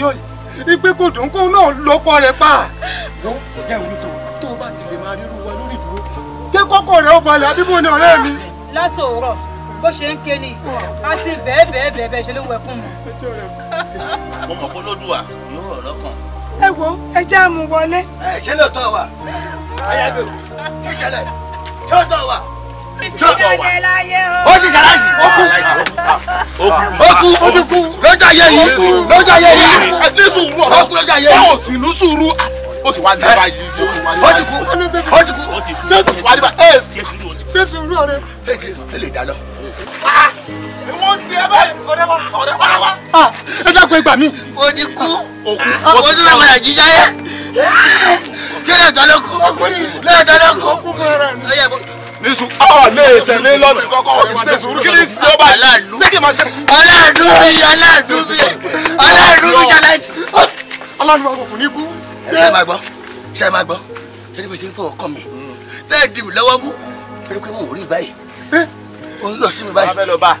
sí òye ìpè kò dùn kóun náà lọ́kọ rẹ̀ pa. ló kò jẹ́ ìwúlò tó o bá ti máa ríru wa lórí ìdúró. jẹ́ kọ́kọ́ rẹ̀ ó balẹ̀ àdìbò ní ọ̀rẹ́ mi. látòórọ̀ bó ṣe ń ké ni a ti bẹ́ẹ̀ bẹ́ẹ̀ bẹ́ẹ̀ bẹ́ẹ̀ ṣe ló ń fún mi. mo mọ̀ kó lódùà yóò rọ̀ lọ́kàn. ẹ wo ẹ jẹ́ àmú wọlé. ẹ ṣe lóòótọ́ wa ayábẹ̀wò kí ṣẹlẹ̀ ṣóòótọ́ wa ó ti ṣaláìsì ó kú ó kú ó ti kú lọ́jọ́ ayé yìí lọ́jọ́ ayé yìí ní sùúrù ọ̀rọ̀ kú lọ́jọ́ ayé yìí báwo sì ní sùúrù ó sì wá ní báyìí ó ti kú ó ti kú ó ti ti wá ní báyìí ṣé sùúrù ọ̀rẹ́ ẹ lè dá lọ. wọ́n ti ẹ báyìí ọ̀rẹ́ wa wa ẹ dákun ẹ gbà ó ti kú ó ti lọ́wọ́ nàìjíríà yẹ kí lè dán lóko lè dán ní sùn ọ lè tẹ̀lé lọ́bì kọ́kọ́ ó sì máa ṣe sùúrù kí ni sí ọba aladu, ṣé aladu, í aladu, ṣe. aladu, aladu, aláàánú mi aláàánú mi ṣaláìsì. aláàánú wa kò ní kú. ṣe máa gbọ́ ṣe máa gbọ́ ṣe ni bó ṣe ń fọwọ́ kọ́ mi hmm. bẹ́ẹ̀ di mi lọ́wọ́ mú pẹ̀lú pé mo ò rí báyìí eh? ó yọ sí mi báyìí.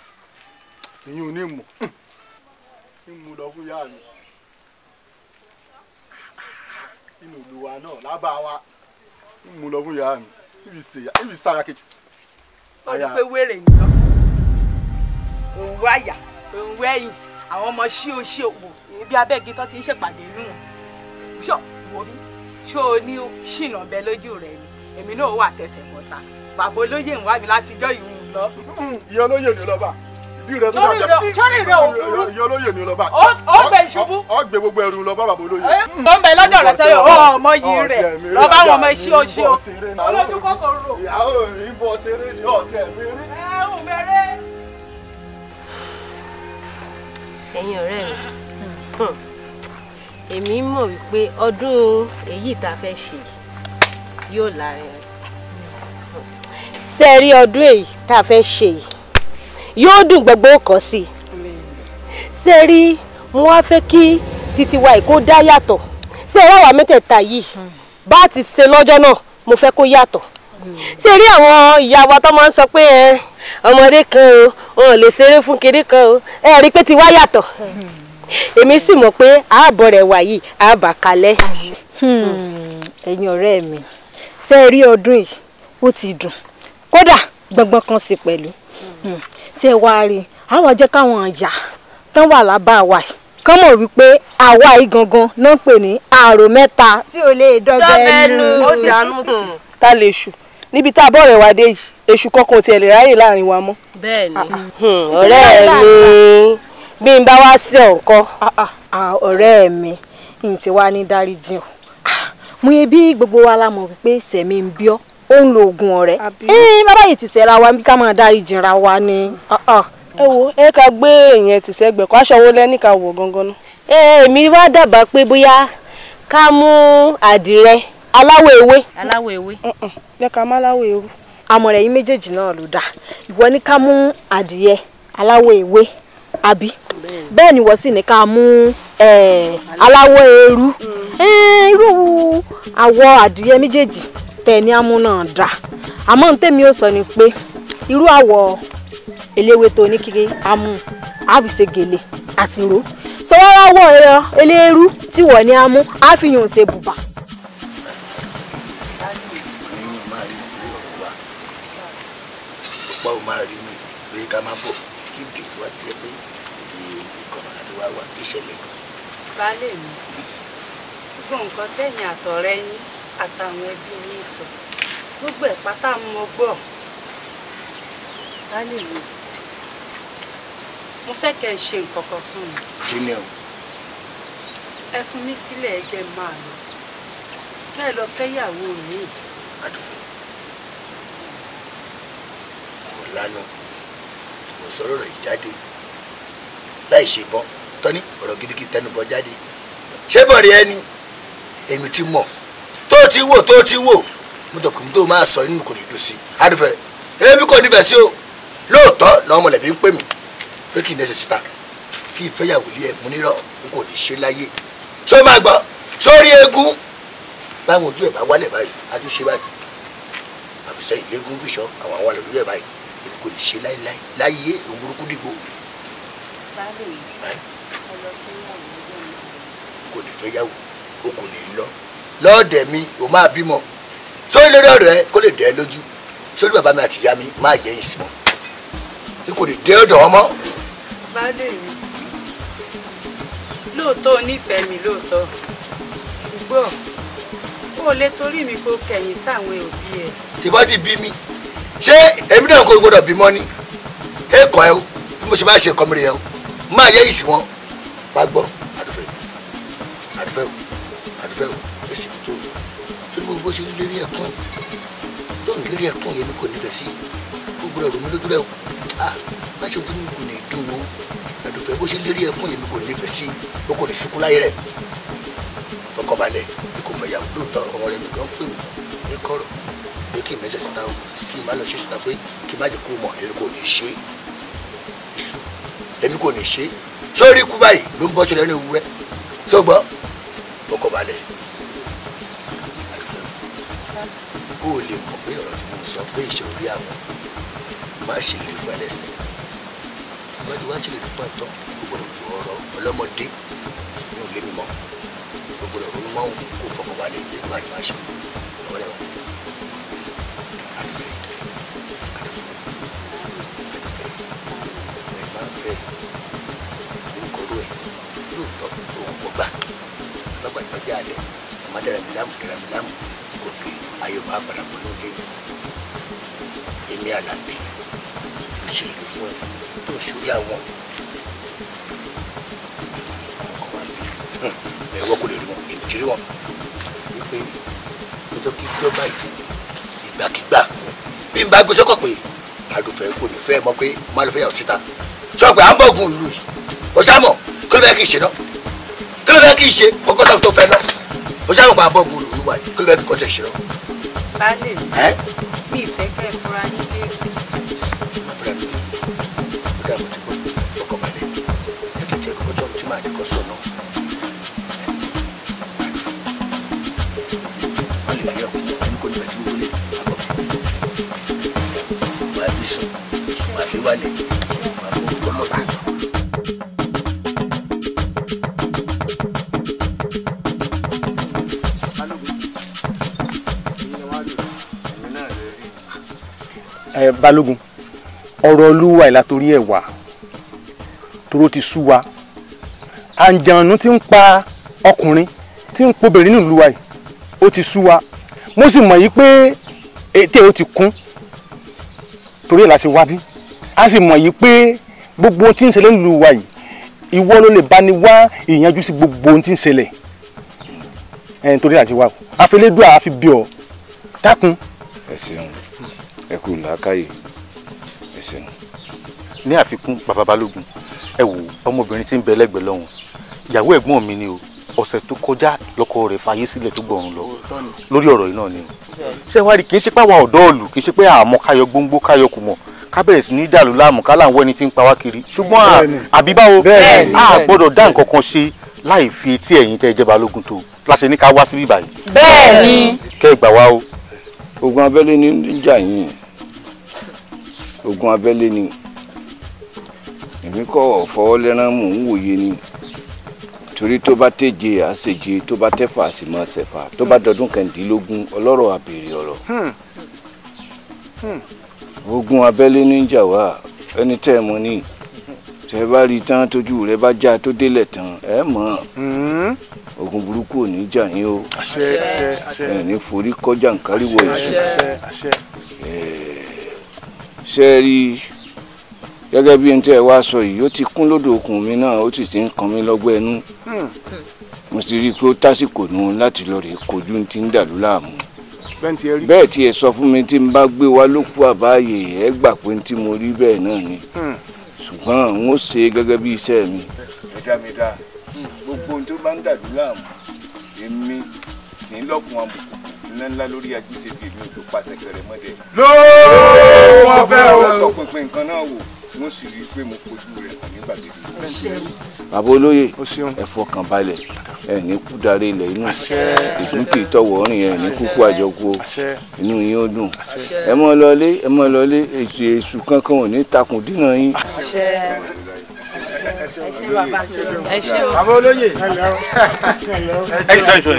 ìyún ní mọ̀ ń mu lọ fún yá mi inú olùwà náà lábá wa ń mu lọ fún yá mi ibi sèyà ibi sára kejì. ó ní pé wéèrè ń lọ òun wá àyà òun wẹ́yìn àwọn ọmọ ṣí o ṣí o wò bí abẹ́gi tó ti ń ṣèpàdé nù wọn ṣó wò bí ṣó o ní ṣìnà bẹ lójú rẹ ni èmi náà wà tẹsẹ̀ bọ́ta bàbá olóyè ń wá mi látijọ́ ìwù lọ. ìyá olóyè ló lọ bá a òbí rẹ tó dájọ sórí rẹ òfurú ìyá olóyè ni ọlọba ọgbẹ ìṣubú ọgbẹ gbogbo ẹrù lọ bá bàbá olóyè. ó ń bẹ lọ́dọ̀ rẹ sẹ́yìn ó ọmọ yìí rẹ̀ lọ bá wọn ọmọ iṣẹ́ oṣù olójú kòkòrò. ìyàwó ìbọn ṣeré ni ọ̀tí ẹ̀mí rí. ẹ̀yin ọ̀rẹ́ mi hmm, èmi mọ̀ wípé ọdún èyí tá a fẹ́ ṣe yóò lára ẹ̀ ṣe rí ọdún èyí tá a fẹ́ ṣe yìí yóò dùn gbogbo kọ sí i ṣe rí mo wá fẹ́ kí títí wa yìí kó dá yàtọ̀ ṣe eré àwa mẹ́tẹ̀ẹ̀ta yìí bá a ti ṣe lọ́jọ́ náà mo fẹ́ kó yàtọ̀ ṣe rí àwọn ìyá wa tó máa ń sọ pé ọmọdé kan o wọn ò lè ṣeré fún kiri kan o ẹ rí i pé ti wá yàtọ̀ èmi sì mọ̀ pé ààbọ̀ rẹ̀ wà yìí ààbà kalẹ̀. Hmm, ẹ̀yin ọ̀rẹ́ mi ṣe rí ọdún yìí ó ti dùn kódà gbọ̀ngbọ̀n kan sí pẹ̀lú Hmm. ṣe wá rí i àwọn jẹ́ káwọn àyà tán wà lábá wa yìí kán mọ̀ wípé àwa yìí gangan náà ń pè ní àrò mẹ́ta tí ò lè dọ́bẹ̀ nù. ó dànù tì tá lè ṣù níbi tá a bọ̀rẹ̀ wá dé yìí èṣù kankan ò tiẹ̀ lè ráyè láàrin wa mọ́. bẹ́ẹ̀ni. Ah, hmm, ọ̀rẹ́ mi bí n bá wá sí ọ̀nkọ́. Ah, ah, ọ̀rẹ́ mi n ti wá ní dáríjì o mo ebi bí gbogbo wa la mọ̀ wípé sẹ̀mí ń bíọ́ ó ń lo oògùn ọ̀rẹ́ ẹ bàbá yìí ti sẹ́ra wa bí ká máa dá ìjìnra wa ni. Ah, ah. ẹ wo ẹ ká gbé èèyàn ti sẹ́gbẹ̀ kó aṣọ wo lẹ́ni ká wọ̀ gangan náà. èmi wá dábàá pé bóyá ká mú àdìrẹ aláwọ̀ ewé. aláwọ̀ ewé. jẹ́ ká má láwọ̀ méjèèjì náà ló ìwọ ká mú aláwọ̀ ewé àbí bẹ́ẹ̀ ni wọ́n sì ní ká mú tẹ ní amú náà dà àmọ́ ní tèmi ò sọ ni pé irú àwọ̀ eléwé tó ní kiri amú àfìsè gèlè àti ro sọwọ́rọ́ wọ̀ ẹ̀yọ eléérú tí wọ̀ ní amú àfihàn ṣe bùbà. pa mi pé tẹ̀yìn àtọ̀rẹ́ àtàwọn ẹbí mi sọ gbogbo ẹ̀ pátá mo gbọ́ lálẹ́ mi mo fẹ́ kẹ́ ẹ ṣe nǹkan kan fún mi. kí ni o. ẹ fún mi sílẹ̀ ẹ jẹ́ máa lọ kẹ́ ẹ lọ fẹ́yàwó mi. adùnfẹ́ kò lánàá kò sọ̀rọ̀ rẹ̀ jáde láì ṣe bọ́ tọ́ni ọ̀rọ̀ gidigidi tẹnubọ jáde ṣé bọ̀rẹ̀ ẹni èmi ti mọ̀ tó ti wò tó ti wò mo dọ̀kùn tó máa sọ inú kò ní dùn sí adùfẹ́ èmi kò níbẹ̀ sí o lóòótọ́ làwọn mọ̀lẹ́bí ń pè mí pé kí n dẹ́sẹ̀ síta kí ìfẹ́yàwó lé ẹ̀ mú nírọ̀ n kò ní ṣe láyé ṣó máa gbọ́ sórí eégún báwọn ojú ẹ̀ bá wálẹ̀ báyìí adúṣe báyìí àfisẹ́ ìlégún fìṣọ́ àwọn àwọn àlọ́ lóyè báyìí èmi kò ní ṣe láyé láyé òun burúkú dìgbò. kò ní fẹ́yàwó o kò ní lọ lọ́ọ̀dẹ̀ mi ò máa bímọ sórí lórí ọ̀rọ̀ ẹ kó lè dẹ́ lójú sórí bàbá mi àti ìyá mi máa yẹ yín sí mọ́ n kò lè dé ọ̀dọ̀ wọn mọ́. baálé mi lóòótọ́ onífẹ̀ẹ́ mi lóòótọ́ ṣùgbọ́n ó lè torí mi kó kẹ̀yìn sáwọn òbí ẹ̀. ṣèbá ti bí mi ṣé èmi náà kò gbọdọ̀ bímọ ni èèkàn ẹ o bí mo ṣe bá ṣe kọ́mìrì ẹ o máa yẹ yìí sí wọn wá gbọ́ àdúfẹ́ àdúfẹ́ àdúfẹ́ o gbogbo ṣe ń lérí ẹkún tó ń lérí ẹkún yẹn ni kò nífẹ̀ẹ́ sí gbogbo rẹ̀ rùmí lójú rẹ̀ o má ṣe tún kò ní dùn o àdùfẹ́ bó ṣe lérí ẹkún yẹn ni kò nífẹ̀ẹ́ sí o kò ní sunkún láyé rẹ̀ fọkànbalẹ̀ bí kò fẹ́ yà lóòótọ́ ọmọ rẹ̀ nìkan pè mí ní kọ̀rọ̀ pé kí n mẹ́sẹ̀ síta o kí n má lọ ṣe síta pé kí n má jẹ́ kó mọ̀ èmi kò ní ṣe èmi kò ní ṣe sórí ikú báyìí ló ń bọ́ ṣẹlẹ̀ ní ewúrẹ́ sọ́gbọ́n fọkànbalẹ̀ kó o lè mọ̀ pé ọ̀rọ̀ tí mo sọ pé ìṣòrí àwọn má ṣe lè fún ẹlẹ́sẹ̀ wọ́n ti wá ṣe lè fún ẹ̀tọ́ gbogbo ọ̀rọ̀ ọlọ́mọdé ní òlé mímọ́ gbogbo ọ̀rọ̀ mímọ́ kò fọkàn balẹ̀ ní ìgbà tí wọ́n ṣe lọ́rẹ́ wọn. lóòótọ́ òun kò gbà lọ́gbàdúgbà jẹ́ àlẹ́ ọmọdé rẹ̀ mi láàmú rẹ̀ yorùbá àpàdà pẹ̀lú ilé èmi àlàbí ló ṣe ìlú fún ẹ tó sórí àwọn ẹ̀wọ́ kò lè rí wọn èmi kiri wọn wípé ọjọ́ kí ìjọba yìí ìgbàkigbà bí n bá gbé sọ́kọ̀ pé àdùfẹ́ kò ní fẹ́ mọ́ pé má ló fẹ́ yàtọ̀ síta sọ pé à ń bọ̀ gun ìlú yìí ọ̀sàmọ̀ kí ló fẹ́ kí n ṣe náà kí ló fẹ́ kí n ṣe ọgọ́ta tó fẹ́ náà ọ̀sàmọ̀ pa àbọ̀ gun ìlú wa kí ló fẹ́ kí n kọ́ tẹ̀ baálé mi ìfẹ́ kẹ́ ẹ fura yín dé. àbúrò mi àbúrò mi ti gbọ́ ọkọ̀ balẹ̀ ètò ìjẹ́ kókó tó ti máa dẹ́kọ̀ sọ̀nà. wọ́n lè yẹ ọkùnrin ẹni kò ní bẹ́ẹ̀ fi wọlé àbọ̀ wọ́n á bí sùn wọ́n á bí wálé. balógun ọ̀rọ̀ olúwa ìlà torí ẹ̀ wà toró ti sú wa àǹjànù ti ń pa ọkùnrin tí ń pobìnrin nínú ìlúwa yìí ó ti sú wa mo sì mọ̀ yìí pé ètè ó ti kún torí ẹ̀ la ṣe wá bí a sì mọ̀ yìí pé gbogbo ohun tí ń ṣẹlẹ̀ nílùú wa yìí ìwọ ló lè bá ní wá ìyanjú sí gbogbo ohun tí ń ṣẹlẹ̀ ẹ̀ nítorí àti wa àfẹlẹ́dùn àfi bí ọ dákun. ẹ ṣeun ẹ kú làákàyè ẹ ṣeun. ní àfikún bàbá balógun ẹ wò ọmọbìnrin tí ń bẹ lẹ́gbẹ̀ẹ́ lọ́hùn ìyàwó ẹ̀gbọ́n mi ni o ọ̀sẹ̀ tó kọjá lọ́kọ rẹ̀ fayé sílẹ̀ tó gbọ̀run lọ lórí ọ̀rọ̀ yìí náà ni o ṣé wàá rí kì í ṣe pàwọ́ ọ̀dọ́ òòlù kì í ṣe pé àmọ́ káyọ gbóngbó káyọ kù mọ̀ ká sí ní dàlú láàmú ká láwọn ẹni tí ń pa wá kiri ṣùgbọ́n àbí báwo a gbọ́dọ̀ dá nǹkan kan ṣe láì fi etí ẹ̀yin tẹ́ ẹ jẹ́ balógun tó láṣẹ ní ká wá síbí báyìí. bẹ́ẹ̀ ni. kẹ́ ẹ o. ogun abẹ́lé ní ìjà yìí ogun abẹ́lé ni èmi kọ́ fọwọ́ lẹ́rán mò ń wòye ni torí tó bá tẹ̀jẹ̀ àṣejẹ tó bá tẹ̀fà sì máa ṣẹ̀fà tó bá dọdún kẹ̀ǹdínlógún ọlọ́rọ̀ àbèrè ọ̀rọ̀ hmm. Hmm. ogun abẹ́lé ní jà wá ẹni tẹ́ ẹ mọ ní tẹ́ bá rí tán tójú rẹ bá já tó délẹ̀ tán ẹ mọ̀ hmm. ogun burúkú ò ní jà yín o ẹ ní forí kọjá nǹkan rí wọ ṣe rí gẹ́gẹ́ bí n tẹ́ ẹ wá sọ yìí ó ti kún lódò okùn mi náà ó sì ti ń kan mi lọ́gbọ́ ẹnu hmm. mo sì rí i pé ó tásìkò nù láti lọ rè kojú ti ń dàlú láàmú bẹ́ẹ̀ tí ẹ sọ fún mi tí n bá gbé wa ló kú àbáyé ẹ gbà pé tí mo rí bẹ́ẹ̀ náà ni hmm. ṣùgbọ́n n ó ṣe gẹ́gẹ́ bí iṣẹ́ mi. ẹ̀dá mi dá hmm. gbogbo ohun tó bá ń dàlú láàmú èmi sì ń lọ́kùn àbùkù ńlá ńlá lórí ajíṣebí èmi tó pàṣẹ kẹrẹ mọ́dẹ. lóòó wọ́n fẹ́ o. wọ́n tọpinpin nǹkan náà wò wọ́n sì rí i pé mo kojú rẹ̀ hàn ní gbàgede. bàbá olóye ẹ fọkàn balẹ̀ ẹ ní kú darí ilẹ̀ inú ìdún kì í tọ̀wọ̀ ọ̀rìn ẹ ní kúkú àjọkú o inú yín ó dùn ẹ mọ́ lọlé ẹ mọ́ lọlé ètò èṣù kankan ò ní takùn dínà yín ẹ ṣe o. àwọn olóyè ẹ ṣe o. ẹ ṣe o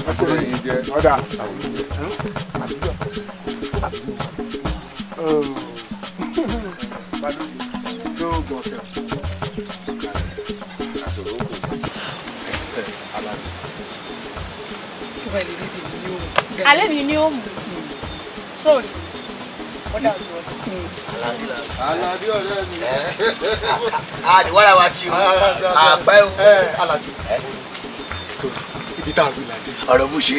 ọ̀dà alẹ́ mi ni ó mú sórí ọ̀dà Àlàbí ọ̀rẹ́ mi. àdìwárà wa ti o àgbá ẹ̀ o ibi tá a fi làdé. ọ̀rọ̀ bó ṣe.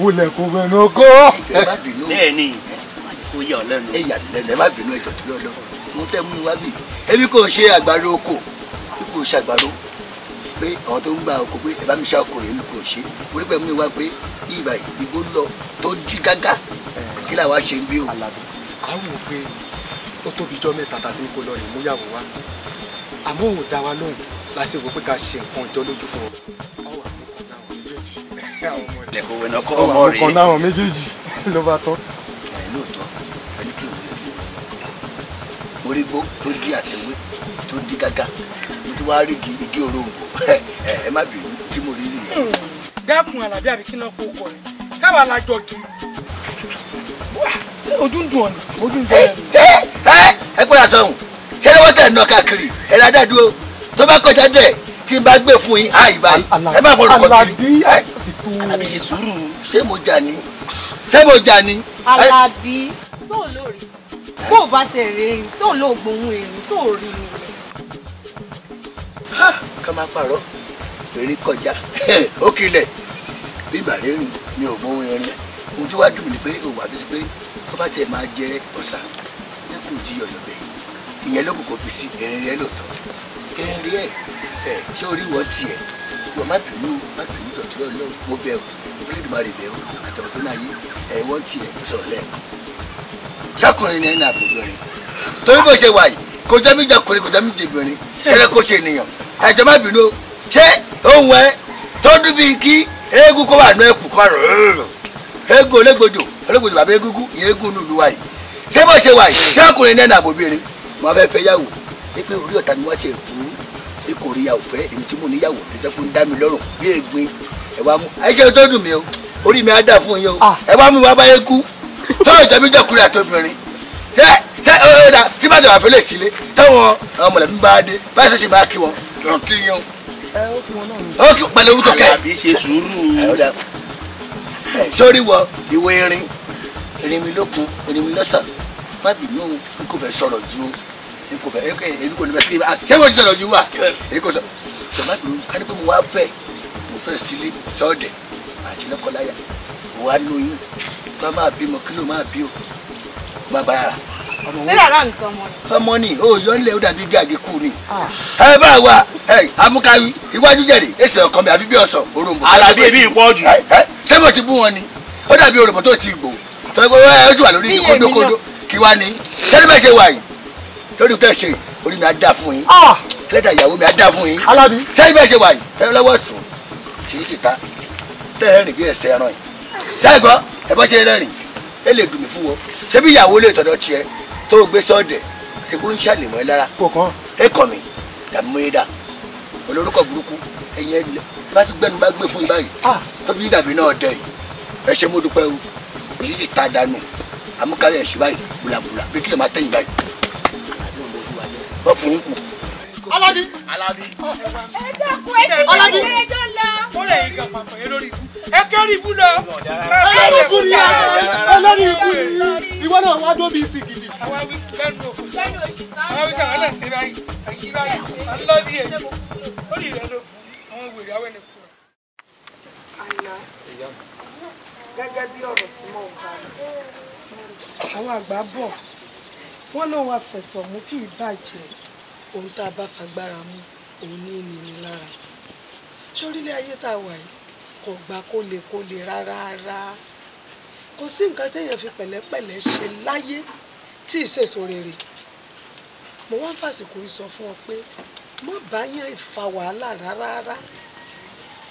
wulẹ̀ ah, kò fẹ́nu kọ́. ẹ má bínú. bẹ́ẹ̀ni kò yà ọ ẹ yà mí ẹ má bínú ẹjọ́ tó lọ́lọ́ mo tẹ́ mú wá bì. ebi kò ṣe àgbàdo oko bí kò ṣe àgbàdo pé àwọn tó ń gba oko pé ẹ bá mi ṣe oko yìí ni kò ṣe mo rí pẹ́ mú wá pé ibà ìgbó lọ tó jí gágá kí làwa ṣe ń bí o. àwọn òfin ó tóbi jọ mẹ́ta tàbí kó lọ rìn múyàwó wa àmọ́ òun dá wa lóhùn lásìkò pé ká ṣe nǹkan ìjọ lójú fún ọ lẹ́kọ̀ọ́ wẹ̀ náà kọ́ ọmọ rẹ̀. ọkàn náà méjèèjì ló bá tán. ẹ lóòótọ́ ẹni kí n wọlé fi wọ́n orí gbó tó di àtẹ̀wé tó di gàgà mo ti wá rí igi igi òróǹbó ẹ má bínú tí mo rí rí yẹn. dákun alábí àbí kí náà kó kọ rẹ sábà lájọ dùn ojú ń dùn ọ̀nà ojú ń dùn ọ̀nà. ẹ kúrò àṣọ ọ̀hún ṣé lọ́wọ́ tẹ̀ ń nọ káàkiri ẹ dáadáa dúró tó bá kọjá dẹ̀ tí n bá gbé fún yín àyíbá yìí ẹ má fọ olùkọ́ kiri. alábí Alábí ṣe sùúrù ṣé mo jà ní ṣé mo jà ní. Alábí tó lórí bó o bá ṣe rè é tó lóògùn ohun èrè tó rí mi. ká máa pààrọ̀ eré kọjá ó kilẹ̀ bí ìbàrẹ̀ rìn ni ò mọ ohun ẹrin ohun tí wàá dùn mí ni pé òwò àti sí pé tó bá tiẹ̀ máa jẹ ọ̀sà lẹ́kùn jí ọ̀yọ̀bẹ̀ ìyẹn lókùnkùn fi sí erin rẹ lóòótọ́ erin rẹ ṣé orí wọ́n tiẹ̀ wọ́n má bínú má bínú dọ̀tí ọlọ́run mo bẹ̀ ọ́ fúlẹ́ẹ̀dì má rè bẹ̀ ọ́ àtàwọn tó náà yé ẹ̀ wọ́n tiẹ̀ sọ̀rọ̀ lẹ́ẹ̀kan ṣákùnrin ni ẹni àbòjọ yìí torí bó ṣe wà yìí kò jẹ́ mi jọkùnrin kò jẹ́ mi jẹbìnrin ṣẹlẹ̀ kó ṣe ènìyàn ẹ̀jọ̀ má bínú ṣé òun ẹ tọ́jú bíi kí eégún kó wà ní ẹkùn kó wà rọ̀rọ̀rọ̀ eégún olégbòjò olégbòjò bàbá eégún ìyẹn eégún nílùú wa yìí ṣé bó ṣe wà yìí ṣákùnrin ni ẹni àbòbìnrin mo fẹ́ fẹ́ yàwó pé orí ọ̀tá ni wọ́n ṣe kú bí kò rí yàwó fẹ́ èmi tí mo níyàwó tó jẹ́ pé ń dá mi lọ́rùn bí ègbin ẹ wá mú ẹṣẹ́ tó dùn mí o orí mi á dà fún yín o ah. ẹ wá mú wá báyé kú tó ìjọba ìjọkùnrin àtòbìnrin ṣé ṣé ó dà tí bá jọba fẹlẹ sílé táwọn àwọn mọ̀lẹ́bí bá dé báyìí ṣe ṣe máa kí wọn lọ kí yín o. ó kí pẹ̀lẹ́ owó tó kẹ́. àbí ṣe sùúrù. sórí wọ ìwé irin irin mi lókun irin mi lọ́sàn má bínú n kò fẹ́ sọ̀rọ̀ ju kò fẹ́ èmi kò ní bẹ́ẹ̀ sílẹ̀ ṣé kò sọ̀rọ̀ ju wa èmi kò sọ̀rọ̀ tọ́ba mi ká ní pé mo wá fẹ́ mo fẹ́ sílé sọ́ọ̀dẹ̀ àti lọ́kọláya mo wá nú yín bá máa bí mo kí o má bá yàrá. nílẹ̀ rà o yọ nílẹ̀ ó dàbí gàgé kú ni. Ah. ẹ bá wa amúkáwí iwájú jẹ̀rẹ̀ èsì ọkàn mi àfi bí ọ̀sán òrùnbó. alábí ebi ìpọ́ jù. ṣé mo ti bú wọn ni ó dàbí òrùnbó tó ti gbò tọ́gbọ́n ẹ ó sì wà lórí kódókódó kí wá lórí tẹ́ ṣe orí mi á dá fún yín ah! lẹ́dà ìyàwó mi á dá fún yín alábi sẹ́yìn bẹ́ẹ̀ ṣe wà yìí ẹ lọ́wọ́ tù tìyí ti ta tẹ́rẹ̀ rìn bí ẹ̀sẹ̀ ẹran yìí sẹ́yìn gbọ́ ẹ bọ́ ṣe rẹ́rìn ẹ lè dùn fún wọn ṣé bí ìyàwó lè tọ̀dọ̀ tiẹ̀ tó o gbé sọ́ọ̀dẹ̀ ṣe bó ń ṣàlèmọ́ ẹ lára ẹ kọ̀ mí dàmú yín dà olórúkọ burúkú ẹ̀yin ẹ̀ bá ti gbẹ́nu bá gbé fún yín báyìí ah! tó fi dàbí náà bọ́ fún yín kù. Alábí. Alábí. ẹ dẹ́kun ẹ ti ní ilé ẹjọ́ lọ. ó lè yí kan pàpọ̀ yẹn lórí ikú. ẹ kẹ́rì ibú lọ. ẹ kẹ́rì ibú ni ẹ lórí ikú ni ìwọ náà wá dóbi sí gidi. àwa wí lẹ́nu òkú. lẹ́nu òsì sáà. àwa wí káwọn náà ṣe báyìí àṣì báyìí à ń lọ bí èyí ó lè rẹ ló àwọn wèrè awẹ́ ni kú. àná gẹ́gẹ́ bí ọ̀rọ̀ tí mò ń bá mi àwọn àgbà bọ̀ wọ́n lóun àfẹ̀sọ̀ mú kì í bàjẹ́ ohun tá a bá fagbára mú òun ní ènìyàn lára sórílẹ̀ ayé tá a wà yìí kò gbà kólekóle rárá kò sí nǹkan téèyàn fi pẹ̀lẹ́pẹ̀lẹ́ ṣe láyé tí ìṣèso rere mo wá ń fàsìkò yìí sọ fún ọ pé má bá yàn ìfa wàhálà rárá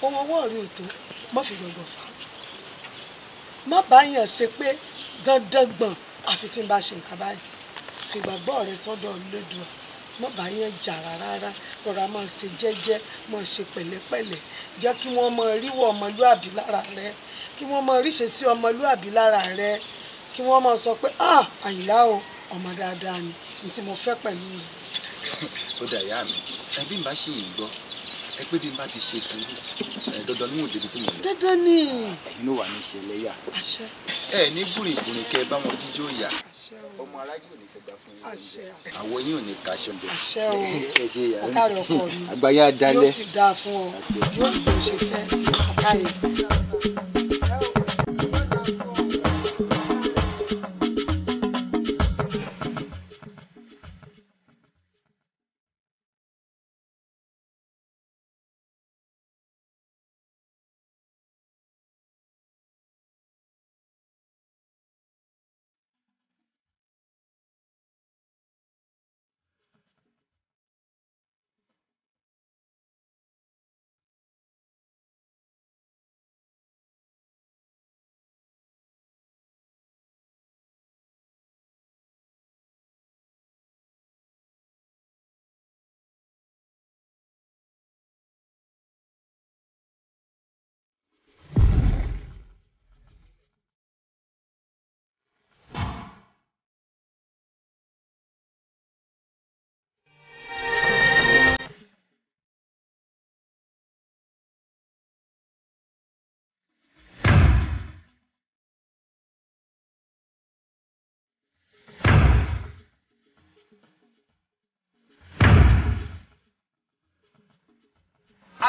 ohun ọwọ́ rí òtó má fi gbọ̀ngàn fà má bá yàn ṣe pé dandan gbọ̀n àfi tí n bá ṣe nǹkan báyìí fi ìgbàgbọ́ rẹ sọ́dọ̀ Olódùà má bá yẹn jà rárá rọra máa ṣe jẹ́jẹ́ máa ṣe pẹ̀lẹ́pẹ̀lẹ́ jẹ́ kí wọ́n mọ ríwọ̀ ọmọlúàbí lára rẹ kí wọ́n mọ ríṣe sí ọmọlúàbí lára rẹ kí wọ́n mọ sọ pé ah Àyìnlá o ọmọ dáadáa ni n tí mo fẹ́ pẹ̀lú rẹ. ó dà ìyá mi ẹbí mi bá ṣì ń gbọ́ ẹ pé bí n bá ti ṣe sùúrù dandan ni mo débi tí mo lọ. dandan ni. ẹ̀yin ló wà ní ìṣẹ̀lẹ̀ yà. ẹ ní gbùrìngbùrìn kẹ bá jíjó yà ọmọ aráyé ò ní tẹgbà fún yín àwọn yín ò ní ká ṣọjọ ọkàrẹ ọkọ mi àgbáyé adalẹ yóò sì dáa fún ọ yóò sì ṣe fẹ ọkàrẹ.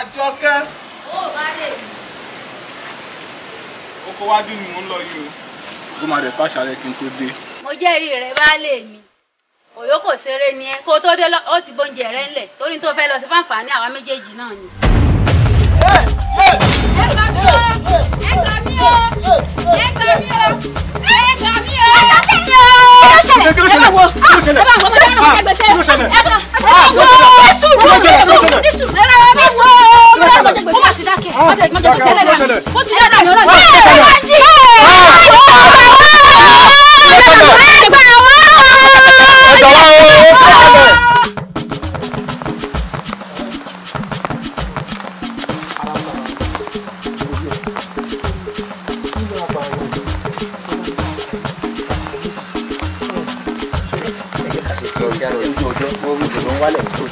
Àjọkẹ́. Ó bá lè rí. Oko wájú ni mò ń lọ yìí o. Ó máa dẹ̀ fàṣà rẹ kí n tó dé. Mo jẹ́rìí rẹ̀ baálé mi. Òyó kò ṣeré ni ẹ. Kó tó dé ó ti bóúnjẹ rẹ ńlẹ̀. Torí tó fẹ́ lọ sí fáǹfààní àwa méjèèjì náà ni. Ẹ gbà mí o! Ẹ gbà mí o! Ẹ gbà mí o! kí ló ṣẹlẹ̀ kí ló ṣẹlẹ̀ kí ló ṣẹlẹ̀ ẹgbẹ́ wa.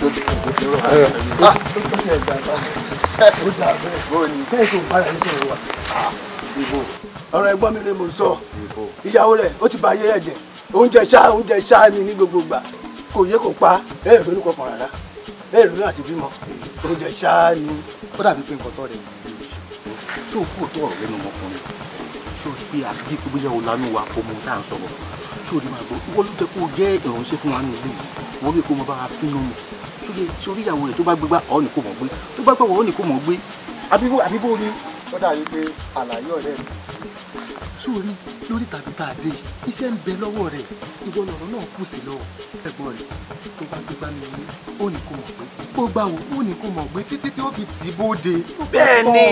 ọ̀rọ̀ ẹ̀gbọ́n mi lè mò sọ ìyàwó rẹ̀ ó ti ba ayé rẹ̀ jẹ́ oúnjẹ ṣá oúnjẹ ṣá ni ní gbogbo gbà kò yẹ kó pa bẹ́ẹ̀ lónìí kọkàn rárá bẹ́ẹ̀ lónìí àti bímọ oúnjẹ ṣá ni ó dàbí pé nǹkan tọ́ rẹ̀ tí o kú òótọ́ ọ̀rọ̀ lẹ́nu ọmọkùnrin tí o gbé àbí gbogbo yẹn lánàá wa kó mu tá à ń sọ̀rọ̀ tí o lè máa gbọ́ wọ́n ló jẹ́ kó jẹ́ ìrànṣẹ́ fún wa nínú yìí wọ́n lè kó mọ bá wa fínú mi sórí ìyàwó rẹ̀ tó bá gbégbá ọ̀ ní kò mọ̀ gbé tó bá gbọ̀wọ̀ ọ̀ ní kò mọ̀ gbé àbíbó àbíbó ni. ó dàbí pé àlàyé ọ̀rẹ́ mi. sórí lórí tàbí bá a dé iṣẹ́ ń bẹ lọ́wọ́ rẹ̀ ìwọ lọ̀rọ̀ náà kù sí lọ́wọ́ ẹ̀gbọ́n rẹ̀ tó bá gbégbá mi ní ó ní kò mọ̀ gbé ó gbà wò ó ní kò mọ̀ gbé títí tí ó fi tì bóde. bẹ́ẹ̀ ni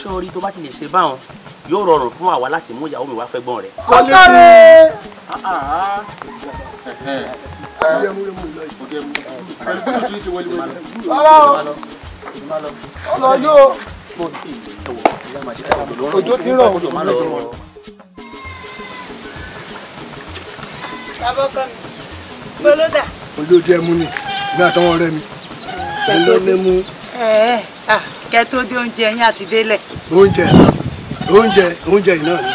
sọ́ọ́rí tó bá ti lè ṣe báwọn yóò rọrùn fún àwa láti mú ìyàwó mi wá fẹ́ gbọ́n rẹ̀. kọ́lẹ́tì. ọlọ yóò. òjò ti rọ̀ òjò máa lọ rọ̀. abọ́kọ́ mi bolódà. olójú ẹmu ni bí àtọwọ́ rẹ mi olólému. kẹ́ tó dé oúnjẹ yín àti délẹ̀. oúnjẹ oúnjẹ oúnjẹ yìí náà ni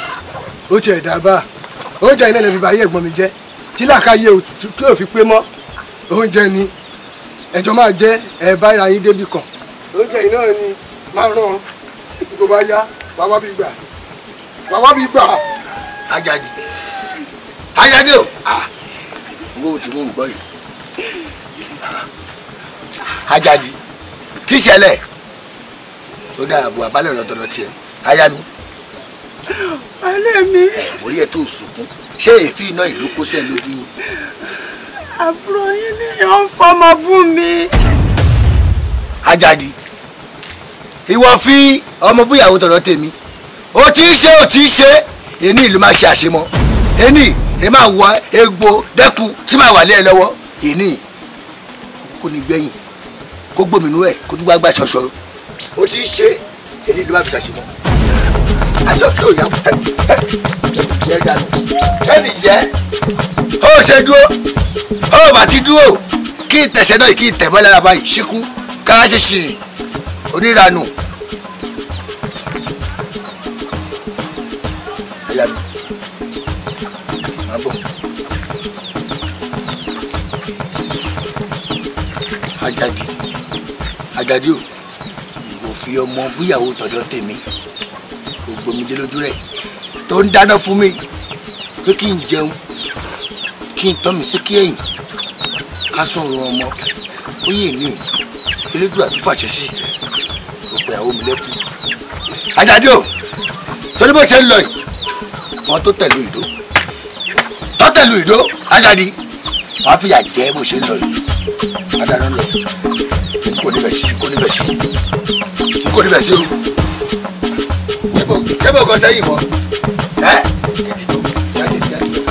ó tiẹ̀ dábàá oúnjẹ yìí náà lè fi báyé ẹ̀gbọ́n mi jẹ́ tí làákàyè kí òfin pé mọ́ oúnjẹ ni ẹ̀jọ̀ máa jẹ́ ẹ̀ bá ara yín débi kan oúnjẹ yìí ni máa ràn bó bá yá wàá wá bí gbà wàá wá bí gbà. Ajadi Ajadi o owó tí mò ń gbọ́ yìí Ajadi kí ṣẹlẹ̀ ó dára bu àbálẹ̀ ọ̀nà tiẹ̀ aya mi ọlẹ́ mi. orí ẹ tó sunkún ṣé èéfín iná ìlú kó sẹ́ lójú. àbúrò yín ni ó ń fọmọ bú mi. Àjàdí ìwọ fi ọmọ búyàwó tọ̀dọ̀ tèmi ó ti ṣe o ti ṣe ẹni ìlú máa ṣe àṣemọ ẹni ẹ máa wọ egbò dẹkun tí máa wà lé ẹ lọ́wọ́ ẹni kò ní gbẹ̀yìn kó gbòmìnú ẹ kó tún gbàgbà ṣọṣọ ó ti ṣe ẹni ìlú máa fi ṣàṣemọ aṣojú ìyá yẹ dànù ẹnì yẹ ó ṣe dúró ó bá ti dúró kí n tẹ̀sẹ̀ náà kí n tẹ̀ mọ́lára báyìí ṣíkú kára ṣe ṣì oníranù. Ajadi Ajadi o, ìwò fi ọmọ búyàwó tọ̀dọ̀ tèmi gbòmìdé lójú rẹ̀ tó ń dáná fún mi pé kí n jẹun kí n tọ́ mi sí kí ẹ̀yìn ká sọ̀rọ̀ ọmọ ó yè mí elédùn àti fàṣẹ sí òpè àwọn omi lẹ́kùn. o torí bó ṣe ń lọ yìí wọn tó tẹ̀lú ìdó tó tẹ̀lú ìdó àjàdí wọn á fìyà jẹ bó ṣe ń lọ yìí adarí ń lọ kò níbẹ̀ sí kò níbẹ̀ sí kò níbẹ̀ sí o níbo ṣé bò kọ sẹ́yìn mọ́ ẹ́ ìdìbò láti di àdìbò.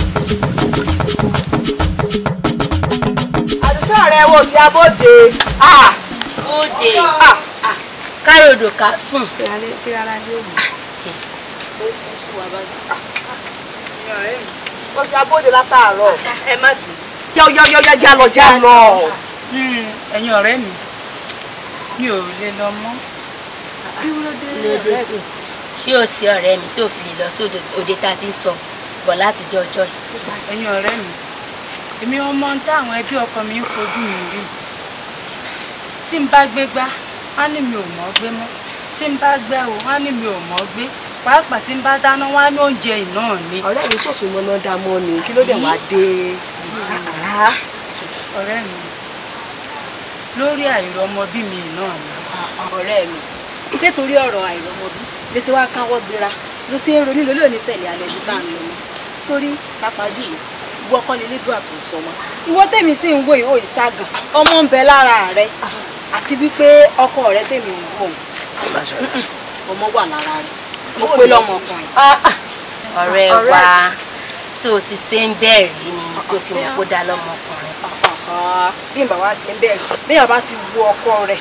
àdúgbò rẹ wo sí abóde. bóde káyọ̀dò ká sùn. ó ṣe abóde látàárọ̀. ẹ má dùn. yọ́yọ́yọ́ já lọ já lọ. ẹ̀yin ọ̀rẹ́ mi mi ò lè lọ mọ́. kí ló dé ọ̀rẹ́ mi ṣé o sí ọ̀rẹ́ mi tó fi lọ sóde òde tá a ti ń sọ bọ̀ láti jọ ọjọ́ yìí. ẹ̀yin ọ̀rẹ́ mi èmi ọmọ ń tá àwọn ẹbí ọkọ mi ń fojú mi rí tí n bá gbé gbá wọn ní mi ò mọ̀ gbé mọ́ tí n bá gbẹ́ o wọn ní mi ò mọ̀ gbé pàápàá tí n bá dáná wọn ní oúnjẹ iná ni. ọ̀rẹ́ mi ṣòṣù mọ́ná dá mọ́ ni kí ló dé wá dé. ọ̀rẹ́ mi lórí àìrọ́mọbí mi náà ni. ọ̀rẹ́ mi ṣé torí ọ̀rọ̀ àìrọ́mọbí lẹsẹ wa káwọ́ gbéra ló ṣe é ronú lórí òní tẹ̀lé alẹ́ ibi tá à ń lọ mọ́ sórí pápá jùlọ ìwọ kọ́ ni lébùrà tó sọ mọ́ ìwọ tèmi sì ń wo ìhó ìságàn ọmọ ń bẹ lára rẹ àti wípé ọkọ rẹ tèmi ń wò ọmọ wà lára rẹ mo pé lọmọkùnrin. ọ̀rẹ́ wa tí o ti ṣe ń bẹ̀rẹ̀ ni tó fi mọ̀ kó dá lọ́mọkùnrin. bí n bá wa ṣe ń bẹ̀rẹ̀ bí yàrá bá ti wo ọkọ rẹ̀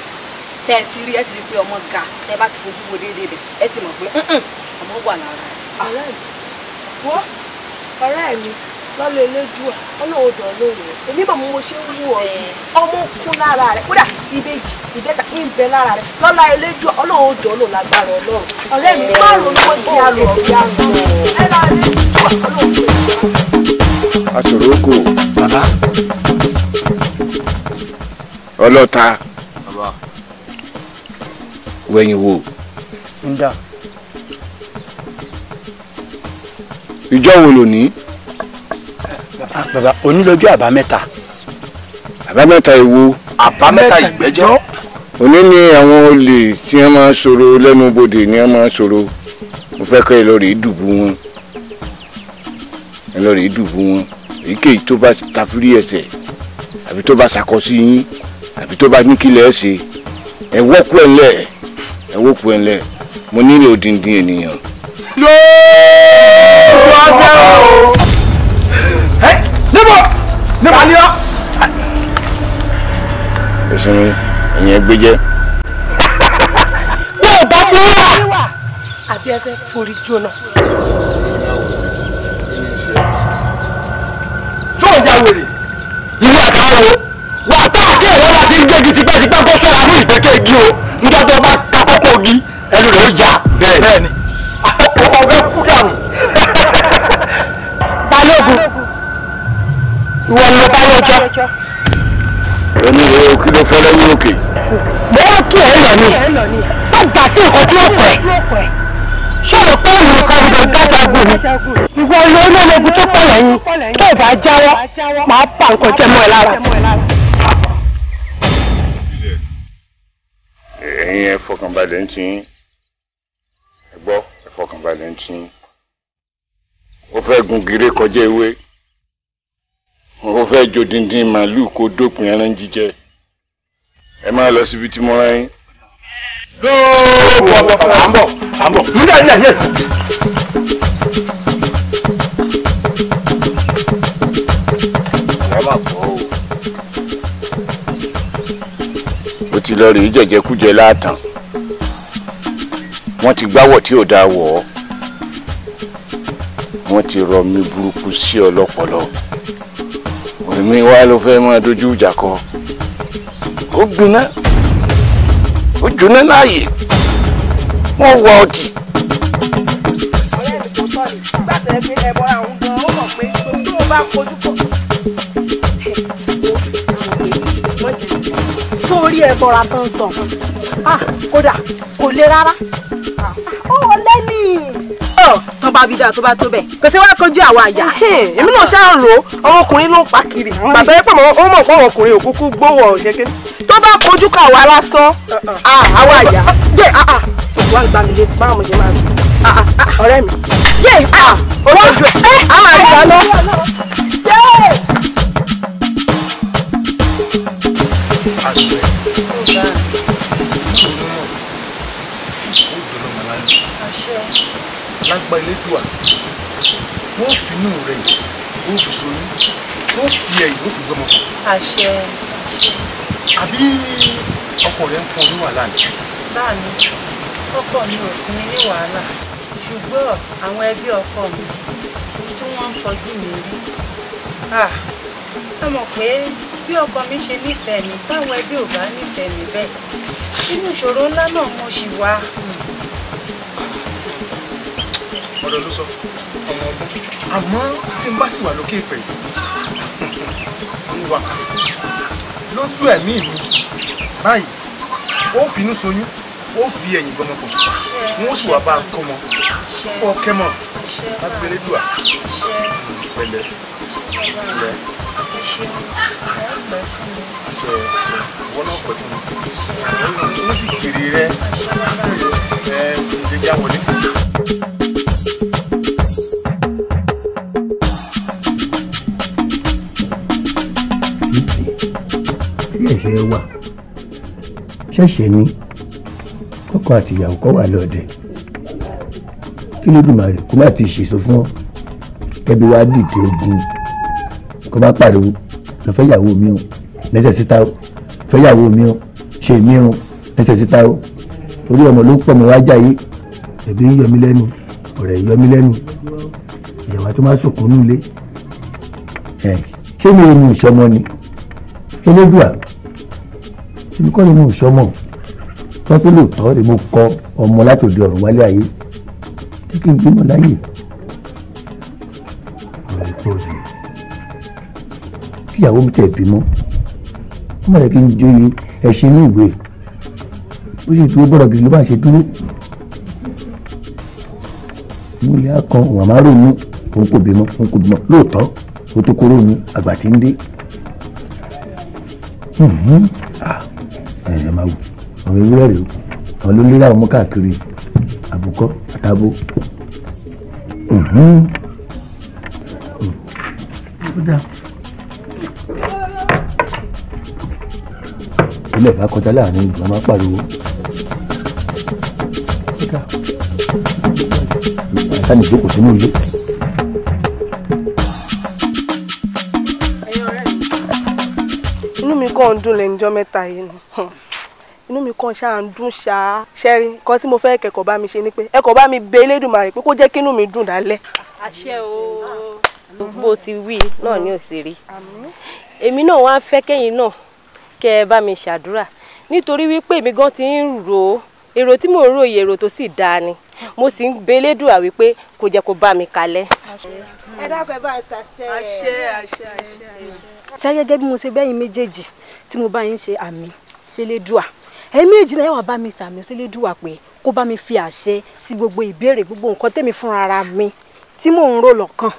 tẹ́ ẹ ti rí ẹ ti rí pé ọmọ ga tẹ́ ẹ bá ti fojú wo déédéé rẹ̀ ẹ ti mọ̀ pé ọmọ wà lára rẹ̀. wọ́n ah. ọ̀rẹ́ mi lọ́lọ́ elédùà ọlọ́wọ́ dọ̀ lónìí èmi mọ̀ mo ṣe ń wù ọ́ ọmọ kún lára rẹ̀ kódà ìbejì ìbẹ́ta ń bẹ lára rẹ̀ lọ́lọ́ elédùà ọlọ́wọ́ dọ̀ lò lágbára ọlọ́run ọ̀rẹ́ mi má ronú pé kí a lọ ọ̀rẹ́ àná ẹ̀ lára elédùà ọlọ́wọ́ dọ̀ àṣọ̀rọ̀ oko bàbá ọlọ́ta bàbá when you woke. ǹda. ìjọ wo lò ní. Ah, bàbá onílọ́jọ́ àbámẹ́ta. àbámẹ́ta èwo. àbámẹ́ta ìgbẹ́jọ́. òní ni àwọn olè tí wọ́n máa ń ṣòro lẹ́nu bodè ni wọ́n máa ń ṣòro mo fẹ́ kẹ́ ẹ lọ rèé dùbú wọn ẹ lọ rèé dùbú wọn èyíkéyìí tó bá ta fúrí ẹsẹ̀ àbí tó bá ṣàkọsí yín àbí tó bá ní kílẹ̀ ẹ̀ ṣe ẹ̀ wọ́kú ẹ̀ lẹ́ẹ̀ ẹ wò pé ńlẹ mo nílò odindin ènìyàn. lóòó wá bẹ́ẹ̀ o. ẹ níbo níbo ni ọ. ẹsìn mi ẹ̀yìn ẹgbẹ́ jẹ́. bí ọba ti wá wá àbí ẹ fẹ́ forí jóná. yóò ya wèrè ìyá kan o wà á tọ́ àti ẹ̀rọ bá ti ń gbé gidi. máa pa nǹkan jẹ́ mọ́ ẹ lára. ẹ̀yin ẹ fọkànbalẹ̀ ń tì ẹ gbọ́ ẹ fọkànbalẹ̀ ń tì ó fẹ́ gun gèrè kọjá ewé ó fẹ́ jo dindin màálù kó dópin ẹran jíjẹ ẹ máa lọ síbi tí mo rán yín. lóòó àbọ̀ àbọ̀ àbọ̀ nígbà yẹn yẹn. mà bọ́ o. ó ti lọ rèé jẹ̀jẹ̀kújẹ láàtàn wọ́n ti gbáwọ̀ tí ò dáa wọ̀ ọ́ wọ́n ti rọ mi burúkú sí ọ lọ́pọlọ èmi wá ló fẹ́ máa dojú ìjà kọ ó gbiná ó jóná láàyè wọ́n wá ọtí. ọ̀rẹ́ mi kò sọ̀rọ̀ nígbà tẹ̀lé ẹ̀bọ̀ra òun gan-an ó mọ̀ pé tó bá kojú kọ̀. sórí ẹ̀ bọ̀rà tán sàn ah, kódà kò le rárá ah, ó lẹ́nì. tán bá bí dáa tó bá tó bẹ̀ kò sí wá kojú àwọn àyà. èmi náà ṣáà rò ọmọkùnrin ló ń pa kiri bàbá yẹn pọ̀ ó mọ̀ pé ọmọkùnrin ò kúkú gbówó ọ̀ṣẹ́kẹ́ tó bá kojú kà uh-uh. ah, wá lásán àwọn àyà. wọ́n gbà mí létí báwọn mo ṣe máa rí ọ̀rẹ́ mi. wọ́n ojú ẹ̀ á máa rí ìdáná. àṣẹ. àbí ọkọ rẹ ń fún ọ ní wàhálà ni. báà mi ọkọ mi ò fún mi ní wàhálà ṣùgbọ́n àwọn ẹbí ọkọ mi tí wọ́n ń fojú mi rí ẹ mọ̀ pé bí ọkọ mi ṣe nífẹ̀ẹ́ mi táwọn ẹbí ò bá nífẹ̀ẹ́ mi bẹ́ẹ̀ inú ìṣòro ńlá náà mo ṣì wà. ọ̀rọ̀ ló sọ ọmọ ọgbọ́n àmọ́ tí n bá sì wà lókè pẹ̀lú wákàtí lójú ẹ̀mí mi báyìí ó finú soyún ó fi ẹ̀yìn gbọmọ pọ̀ wọ́n sì wá bá a kọ́ mọ ó kẹ́ mọ lábẹ́rẹ́ dùà pẹ̀lẹ́ pẹ̀lẹ́ àṣẹ àṣẹ wọn náà pẹ̀ fún mi sì kiri rẹ ẹ ẹ ìdíjà wọlé. fẹ́ wà ṣẹ̀ṣẹ̀ ni kọ́kọ́ àtìyàwó kọ́ wà lọ́ọ̀dẹ̀ kí ló dùn màrí kó má ti ṣèṣọ fún ọ kẹbi wàá dìde ogun kó bá pariwo lọ fẹ́yàwó mi o lẹ́sẹ̀ síta o fẹ́yàwó mi o ṣe mi o lẹ́sẹ̀ síta o orí ọmọ ló ń pọ̀ mọ́ wájà yìí ẹ̀bí ń yọmí lẹ́nu ọ̀rẹ́ ń yọmí lẹ́nu ìyàwó tó máa sòkò nílé ṣé mi ò mú ìṣọmọ ni elédùà èmi kọ́ ni mo sọmọ tọ́pẹ́ lóòótọ́ ni mo kọ ọmọ láti òde ọ̀run wálé ayé tí kì í gbímọ láyè. kíyàwó mi tẹ̀ bímọ ọmọ rẹ kí n joyè ẹṣin ní ìwé ó sì dúró bọ̀rọ̀ gidi ló bá ṣe dúró mo lè kan òun àmà rò ní òun kò bímọ òun kò bímọ lóòótọ́ ó tó kóró ní àgbà tí ń dé. Mm-hmm ẹ̀yìn lọ́ọ́ máa wò àwọn ewúrẹ́ rèé àwọn ló lérà ọmọ káàkiri àbùkọ́ àtàbó. ilé ìbá kọjá láàrin ìgbà máa pariwo. sani ìjókòó sínú ilé. kàn ń dùn lẹ́njọ́ mẹ́ta yìí ni hmm. inú mi kàn ṣáà ń dùn ṣáá ṣẹ́rí nǹkan tí mo fẹ́ kẹ́kọ̀ọ́ bá mi ṣe ni pé ẹ̀kọ́ bá mi bẹ Elédùmarè pé kó jẹ́ kínú mi dùn dálẹ̀. àṣẹ o bó ti wí náà ni ò sì rí èmi náà wá fẹ́ kẹ́yìn náà kẹ́ ẹ bá mi ṣàdúrà nítorí wípé èmi gan ti ń rò ó èrò tí mò ń ròyè èrò tó sì dáa ni mo sì ń belédùà wípé kò jẹ́ kó bá mi kalẹ̀. ẹ dákun ẹ bá ń ṣàṣẹ. àṣẹ àṣẹ àṣẹ sẹ́rí gẹ́gẹ́ bí mo ṣe bẹ́yìn méjèèjì tí mo bá yín ṣe àmì ṣẹlẹ́dùà ẹ̀yin méjì náà yẹ wà bá mi ṣàmì ṣẹlẹ́dùà pé kó bá mi fi àṣẹ sí gbogbo ìbéèrè gbogbo nǹkan tèmi fúnra ra mi tí mò ń rò lọ́kàn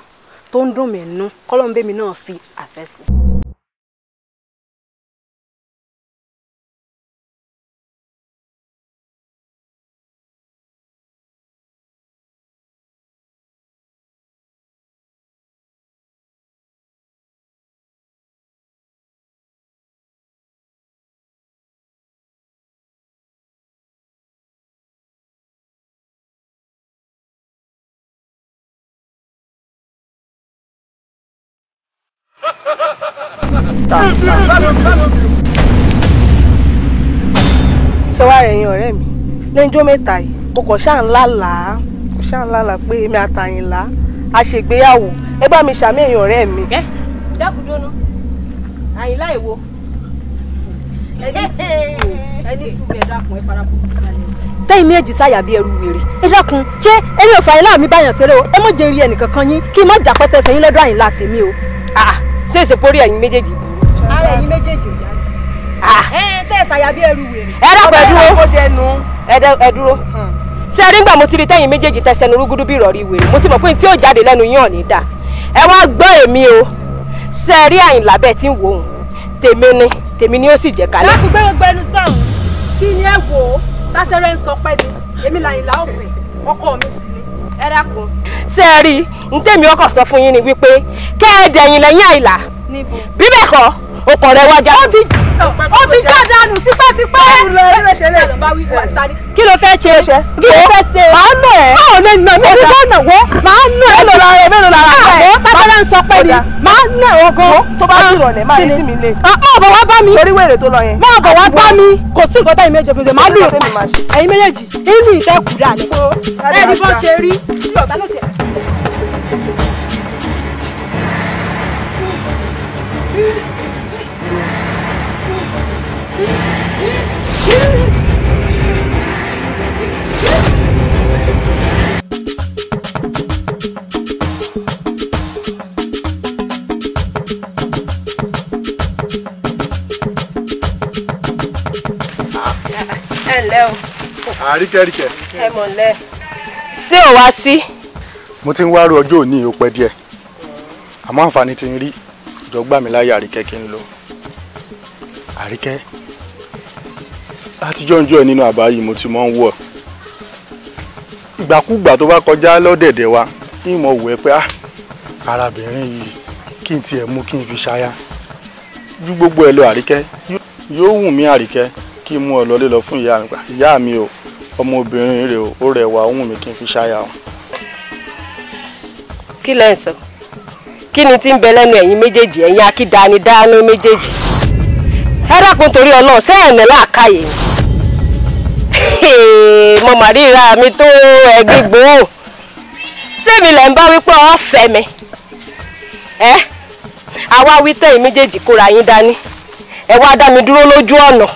tó ń dùn mí nú kọ́lọ́mbẹ́mi náà fi àṣẹ sí i. ṣé wàá rẹ̀ yín ọ̀rẹ́ mi lẹ́jọ́ mẹ́ta yìí mo kàn ṣáà ń lálàá kò ṣáà ń lálàá pé èmi àtàyìnlá a ṣègbéyàwó ẹ bá mi ṣàmì ẹ̀yìn ọ̀rẹ́ mi. ẹ dákúndóná àyìnlá èwo ẹni sùn ẹni sùn ẹ dákun ẹ fara kó kalẹ̀ tẹ́yìn méjì sáyà bíi ẹrú wèrè ẹ dákun ṣé ẹni ò fàyín láàmì báyàn ṣeré o ẹ mọ̀ jẹ́rìí ẹnìkankan yín kí n má jà pẹ́tẹ́sẹ̀ yín lọ́dọ̀ àyìnlá tèmi o. Ah, ah ṣé èsè pórí ẹ̀yin méjèèjì burú. ara ẹ̀yin méjèèjì ò yá ni. Ah. tẹ́ ẹ̀ ṣàyà bí ẹrù wèrè. ẹ dàpọ̀ ẹ dúró ṣe rí ngbà mo ti rí tẹ́yìn méjèèjì tẹsẹ̀nu rúgúdú bí ìrọ̀rí wèrè mo ti mọ̀ pé tí yóò jáde lẹ́nu yín ọ̀nì dà ẹ wá gbọ́ èmi o ṣe rí àyìnlá bẹ́ẹ̀ tí ń wò ó tèmi ni tèmi ni ó sì jẹ́ kalẹ̀. láti gbẹ́rù gbẹ́nu sáwọn kí ni ẹ wò ó tásẹ̀rẹ̀ ń sọ pẹ́ ni èmi làyìnlá òfin ọkọ mi sì ni ẹ dákun. ṣé ẹ rí i ní tèmi ọkọ̀ sọ fún yín ni wípé kẹ́ ẹ lẹ́yìn àìlà bí bẹ́ẹ̀ kọ́ ọkọ rẹ wájà. ó ti ó ti já dànù tipẹ́tipẹ́. kí ló fẹ́ ṣe kí ló fẹ́ ṣe. màá nà ẹ́. báwo lè nà mí ní bọ́ọ̀nà wo. màá nà ẹ́ mélòó lára ẹ mélòó lára ẹ. àwọn tábàlà ń sọ pé ni màá nà ẹ́ ogo. tó bá ti rọ̀lẹ́ máa yí tì mí lé. Ah, máa bọ̀ wá bá mi. torí wèrè tó lọ yẹn. máa bọ̀ wá bá mi. kò sí nǹkan táyì méje fèsì màá lù. ẹ̀yin méjèèjì inú ìtẹ́kù dà ní. ẹni bó ṣe rí. Yeah àríkẹ́ríkẹ́. ẹ mọ̀ lẹ. ṣé ò wá sí. mo ti ń wá ru ọjọ́ òní ó pẹ́ díẹ̀ àmọ́ àǹfààní ti ń rí ìjọgbà mi láyé àríkẹ́ kí n lọ látijọ́ ń jọ ẹ̀ nínú àbá yìí mo ti mọ̀ ń wọ̀ ìgbàkúgbà tó bá kọjá lọ́dẹ̀dẹ̀ wa ní ìmọ̀ wù ẹ́ pé ah, arábìnrin yìí kí n tiẹ̀ mú kí n fi ṣaya ju gbogbo ẹ̀ lọ àríkẹ́ yóò wù mí àríkẹ́ kí n mú ọ lọlé lọ fún ìyá mi ìyá mi o ọmọbìnrin rẹ̀ ó rẹwà ó wù mí kí n fi ṣaya o. kí lẹ́ kí ni tí ń bẹ lẹ́nu ẹ̀yin méjèèjì ẹ̀yin akídani dáná méjèèjì. ẹ dákun torí ọlọ́run ṣé ẹ̀mí làákàyè mo mà ríra mi tó ẹ̀gbin gbòó sẹ́mi lẹ̀ ń bá wípé ọ́ fẹ́ mi ẹ́ àwa wí tẹ̀yìn méjèèjì kóra yín dání ẹ wá dá mi dúró lójú ọ̀nà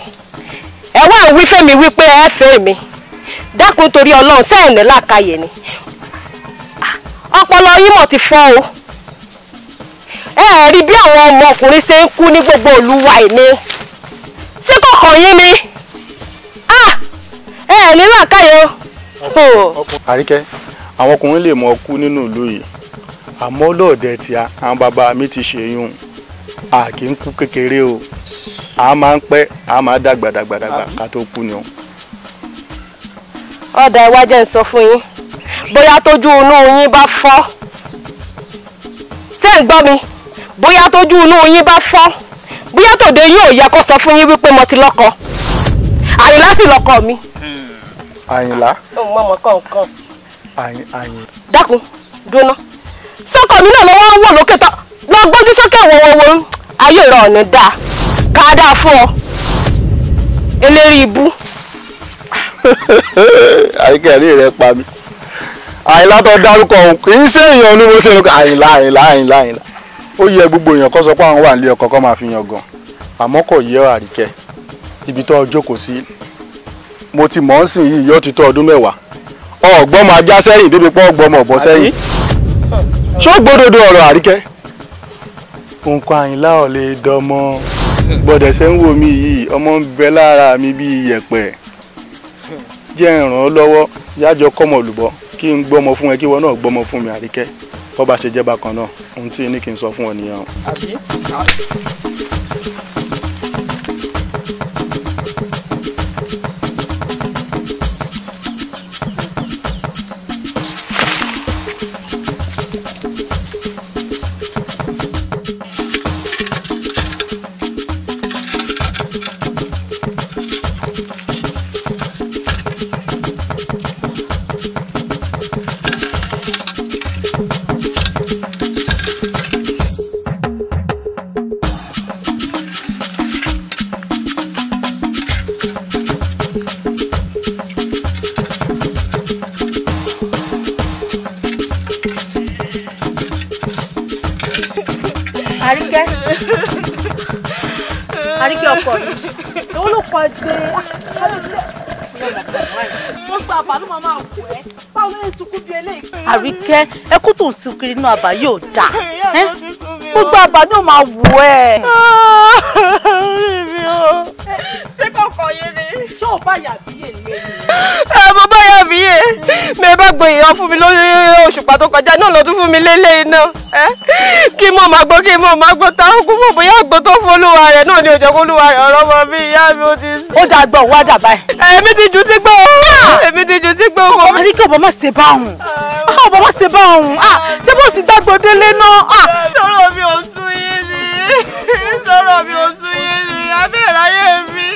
ẹ wá wí fẹ́mi wípé ẹ fẹ́ mi dákun torí ọlọ́run ni ọpọlọ yín mọ̀ ti fọ́ o ẹ rí bí àwọn ọmọkùnrin ṣe ń kú ní gbogbo olúwa ẹ̀ ní ṣé kọ̀ọ̀kan yín ni ah! ẹ ẹ̀ ní làákàyọ. àríkẹ́ àwọn ọkùnrin lè mọ ọkú nínú ìlú yìí àmọ́ lọ́ọ̀dẹ tí àwọn bàbá mi ti ṣe yún a kì í kú kékeré o a máa ń pẹ́ a máa dàgbà dàgbà dàgbà ká tó kú ni o. ọ̀dà ìwájà ń sọ fún yín bóyá tójú inú yín bá fọ́ ṣé ń gbọ́ mi bóyá tójú inú yín bá fọ́ bóyá tòde yóò yẹ kó sọ fún yín wípé mo ti lọ́kọ àyìnlá sì lọ́kọ mi. àyìnlá. òun mọ ọmọ kọ̀ọ̀kan. àyìn àyìn. dákun dúná sọkọ mi náà ló wá ń wò lókè tán lọ gbójú sókè wọwọwọ ayé rẹ ọ̀nà dá ká dáa fún ọ eléri ibú. àyíkẹ́ ẹ̀rí rẹ pa mi àyìnlá tó dárúkọ òun kì í ṣe èèyàn ni mo ṣe àyìnlá àyìnlá àyìnlá àyìnlá. o ye gbogbo eyan kó sọ pé àwọn wà nílé ọkọ kó ma fi yan gan àmọ́ kò yẹ àríkẹ́ ibi tó o ko si mo ti mọ̀ ọ́n sìn yìí ti tó ọdún mẹ́wàá ọ̀gbọ́n ma ja sẹ́yìn débi pọ́ ọgbọ́n mọ̀ bọ́ sẹ́yìn so gbódòdó ọ̀rọ̀ àríkẹ́ nǹkan àyìnlá ò lè dọmọ gbọ́dẹ̀ ṣe ń wò mí yìí ọmọ ń bẹ lára mi bí iyẹ̀pẹ̀ jẹ́ ìrànlọ́wọ́ yájọ kọ́mọ̀lùbọ́ kí n gbọ́mọ fún ẹ kí wọn náà gbọ́mọ fún mi àríkẹ́ fọba ṣe jẹ́ bákan náà ohun tí ní kí n sọ fún ọ nìyẹn. jẹ́ ẹkú tó ń sin kiri inú àbá yóò dáa gbogbo àbá ni ó máa wù ẹ́. ṣé kọ̀ọ̀kan yé ni. ṣé o bá yà bí èmi. ẹ mo bá yà bí yé mi bá gbé èèyàn fún mi lórí òṣùpá tó kọjá náà ló tún fún mi lélẹ̀ iná kí mo máa gbọ́ kí mo máa gbọ́ tá a kú mọ̀ bóyá àgbọ̀ tó fún olúwa rẹ̀ náà ni òjò olúwa rẹ̀ ọ̀rọ̀ ọmọ mi ìyá mi ó ti sí. ó dàgbọ̀ wá dàbá ẹ̀. èmi ti jù ti gbọ́ èmi ti jù ti gbọ́. ọkọ̀ àríkè ọ̀bọ̀ má ṣe báwọn bọ̀ wọ́n ṣe bá ọ̀hún ṣé bó sì gbàgbọ́ délé náà sọ̀rọ̀ mi ò sún yín ni sọ̀rọ̀ mi ò sún yín ni abẹ́rẹ́ ayé mi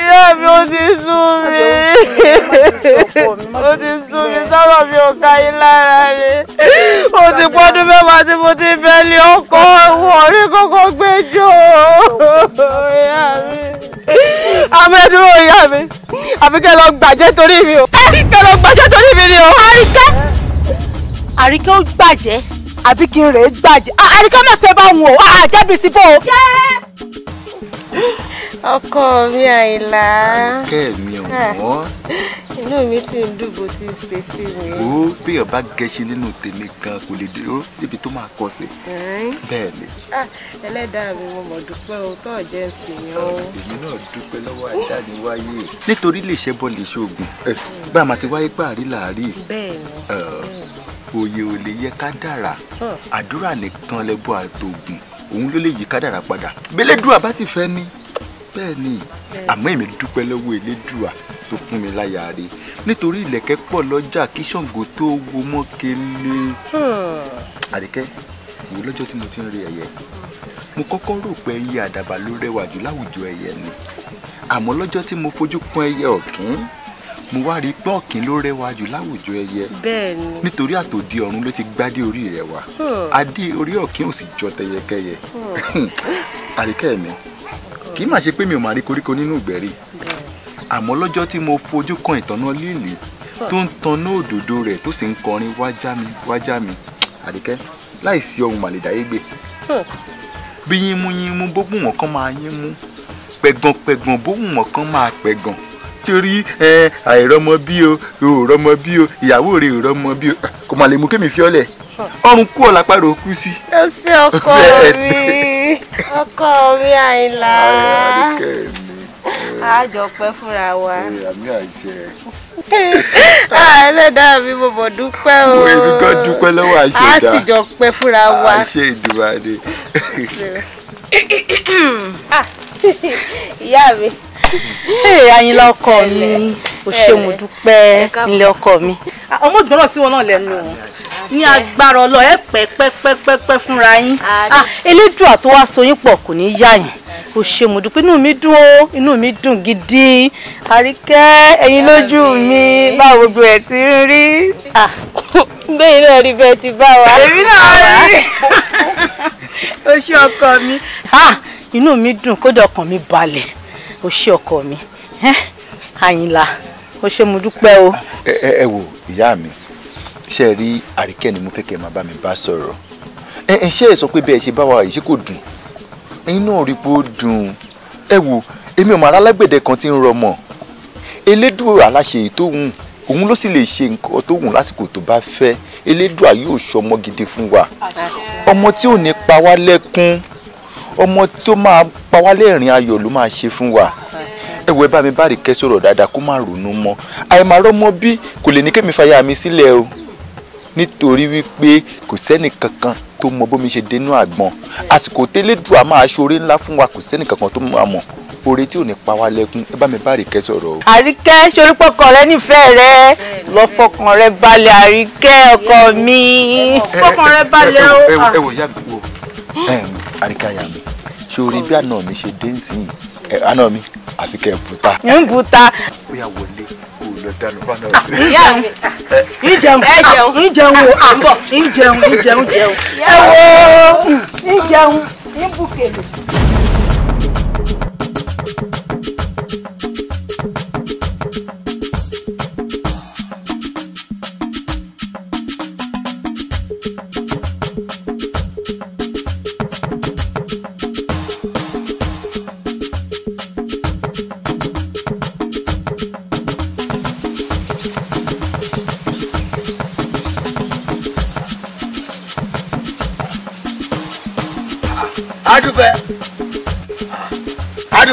ìyá mi ó ti sún mi ó ti sún mi sọ̀rọ̀ mi ò ka yín lára rẹ̀ ó ti pọ́dún mẹ́wàá tí mo ti bẹ́ẹ̀lì ọkọ̀ wọ̀rí kọ́kọ́ gbẹ́jọ́ ìyá mi amẹ́dúró ìyá mi àbí lọ gbàjẹ́ torí mi o kẹ́ lọ gbàjẹ́ àríkẹ́ ó gbàjẹ́ àbí kí n rè é gbàjẹ́ àríkẹ́ má ṣe bá wọn o àjẹbí sí bò ó. ọkọ mi àìlá. àríkẹ́ mi ò wọ́n. Ah. inú mi ti ń dùn bó ti ń ṣe sí mi. ó bí ọba gẹṣin nínú tèmi gan kò lè dúró níbi tó máa kọsẹ̀. bẹ́ẹ̀ ni. Ah, ẹlẹ́dàá mi mo mọ̀ dúpẹ́ o tó jẹ́ ìsìn o. èmi náà dúpẹ́ lọ́wọ́ àdáni wáyé. nítorí lè ṣẹ́bọ̀ lè ṣoògùn eh, bá a máa ti wáyé pàrí làárí. bẹ́ẹ̀ ni òye ò lè yẹ kádàrà àdúrà nìkan lẹ́gbọ́ àtògùn òun ló lè yí kádàrà padà bẹ́lẹ́dùà bá sì fẹ́ ni bẹ́ẹ̀ ni àmọ́ èmi dúpẹ́ lọ́wọ́ elédùà tó fún mi láyà rè nítorí ìlẹ̀kẹ̀ pọ̀ lọ́jà kí Ṣàngó tó wo mọ́kele. Hmm. àdìkẹ́ wò lọ́jọ́ tí mo ti ń rí ẹyẹ mo kọ́kọ́ rò pé ẹyẹ àdàbà ló rẹwà jù láwùjọ ẹyẹ ni àmọ́ lọ́jọ́ tí mo fojú kún ẹyẹ ọ̀kín mo wá rí pọ́ọ̀kì ló rẹwà jù láwùjọ ẹyẹ bẹ́ẹ̀ni nítorí àtòdì ọ̀run ló ti gbádé orí rẹ wá hmm. adé orí ọ̀kín ò sì jọ tẹyẹkẹyẹ hmm. àríkẹ́ mi kì í mà ṣe pé mi ò máa rí koríko nínú ìgbẹ́rí àmọ́ lọ́jọ́ tí mo fojú kan ìtànná líìlì hmm. tó ń tanná òdòdó rẹ̀ tó sì ń kọrin wájá mi wájá mi àríkẹ́ láìsí ohun màlẹ̀dáyé gbé bí yín mú yín mú bó wù wọ́n kán máa yín mú pẹ̀gàn pẹ̀gàn bó wù wọ́n kán máa pẹ̀gàn torí ẹ àìrọmọ bí o ò rọmọ bí o ìyàwó rẹ ò rọmọ bí o kò mà lè mú kémi fiọ́lẹ̀ ọrùn kú ọ̀la pàrọ̀ kú sí. ó sí ọkọ mi ọkọ mi àìlá àjọ pẹ́ fúnra wa. Ah, ẹlẹ́dàá mi mo mọ̀ dúpẹ́ o. mo ebi kan dúpẹ́ lọ́wọ́ àṣẹ ìdá. a sì jọ pẹ́ fúnra wa. àṣẹ ìdùnnú adé. ìyá mi ee Ayinla ọkọ mi o ṣé mo dúpẹ́ nílé ọkọ mi. Ah, ọmọ ìgbọ́nràn sí wọn náà lẹ́nu o ní agbára ọlọ́ọ̀ ẹ pẹ́ pẹ́ pẹ́ pẹ́ pẹ́ fúnra yín ah, elédùà tó wá so yín pọ̀ kò ní yá yín o ṣé mo dúpẹ́ inú mi dùn o inú mi dùn gidi àríkẹ́ ẹ̀yin lójú mi báwo gbogbo ẹ̀ ti ń Ah, bẹ́ẹ̀ náà rí bẹ́ẹ̀ ti bá wa. èmi náà rí o ṣé ọkọ mi. Ah, inú mi dùn kódà ọkàn mi balẹ̀ o ṣé ọkọ mi àyìnlá o ṣé mo dúpẹ́ o. ẹ wo ìyá mi ṣe rí àríkẹ́ ni mo fẹ́ kẹ́ máa bá mi bá sọ̀rọ̀ ẹ ẹ ṣe sọ pé bẹ́ẹ̀ ṣe bá wa yìí ṣe kò dùn ẹ̀yin náà rí pé ó dùn ẹ wo èmi ọmọ alágbẹ̀dẹ kan ti ń rọmọ elédùn aláṣẹ èyí tó wù òun ló sì lè ṣe nǹkan tó wù lásìkò tó bá fẹ́ elédùà yóò ṣọmọ gidi fún wa ọmọ tí ò ní pa wá lẹ́kún ọmọ tó máa pa wá lẹ́rìn ayọ̀ ló máa ṣe fún wa ẹwẹ bá mi bá rí kẹ́ dáadáa kó má ronú mọ́ àìmọ̀rọ́mọ bí kò lè ní kémi fàyà mi sílẹ̀ o nítorí wípé kò sẹ́ni kankan tó mọ bómi ṣe dénú àgbọn àsìkò tẹ́lẹ̀dùn a máa ṣoore ńlá fún wa kò sẹ́ni kankan tó mọ àmọ́ oore tí ò ní pa wá lẹ́kún ẹ bá mi bá àríkẹ́ sọ̀rọ̀ o. àríkẹ́ sori pọkàn rẹ nífẹ̀ẹ́ rẹ lọ fọkàn rẹ balẹ̀ àríkẹ́ ọkọ mi. fọkàn rẹ balẹ̀ o. ẹ wò ya mi wo àríkàyà mi ṣé orí bí àná mi ṣe dé nsìn àná mi àfi kẹ́ ẹ̀ bùtà. ń bùtà. ó yá wọlé kó o lọ dànù fáná rẹ. ìyá mi ń jẹun ń jẹun o àbọ̀ ń jẹun ń jẹun jẹun ẹ wo ń jẹun ń bùkèlè. adùfẹ́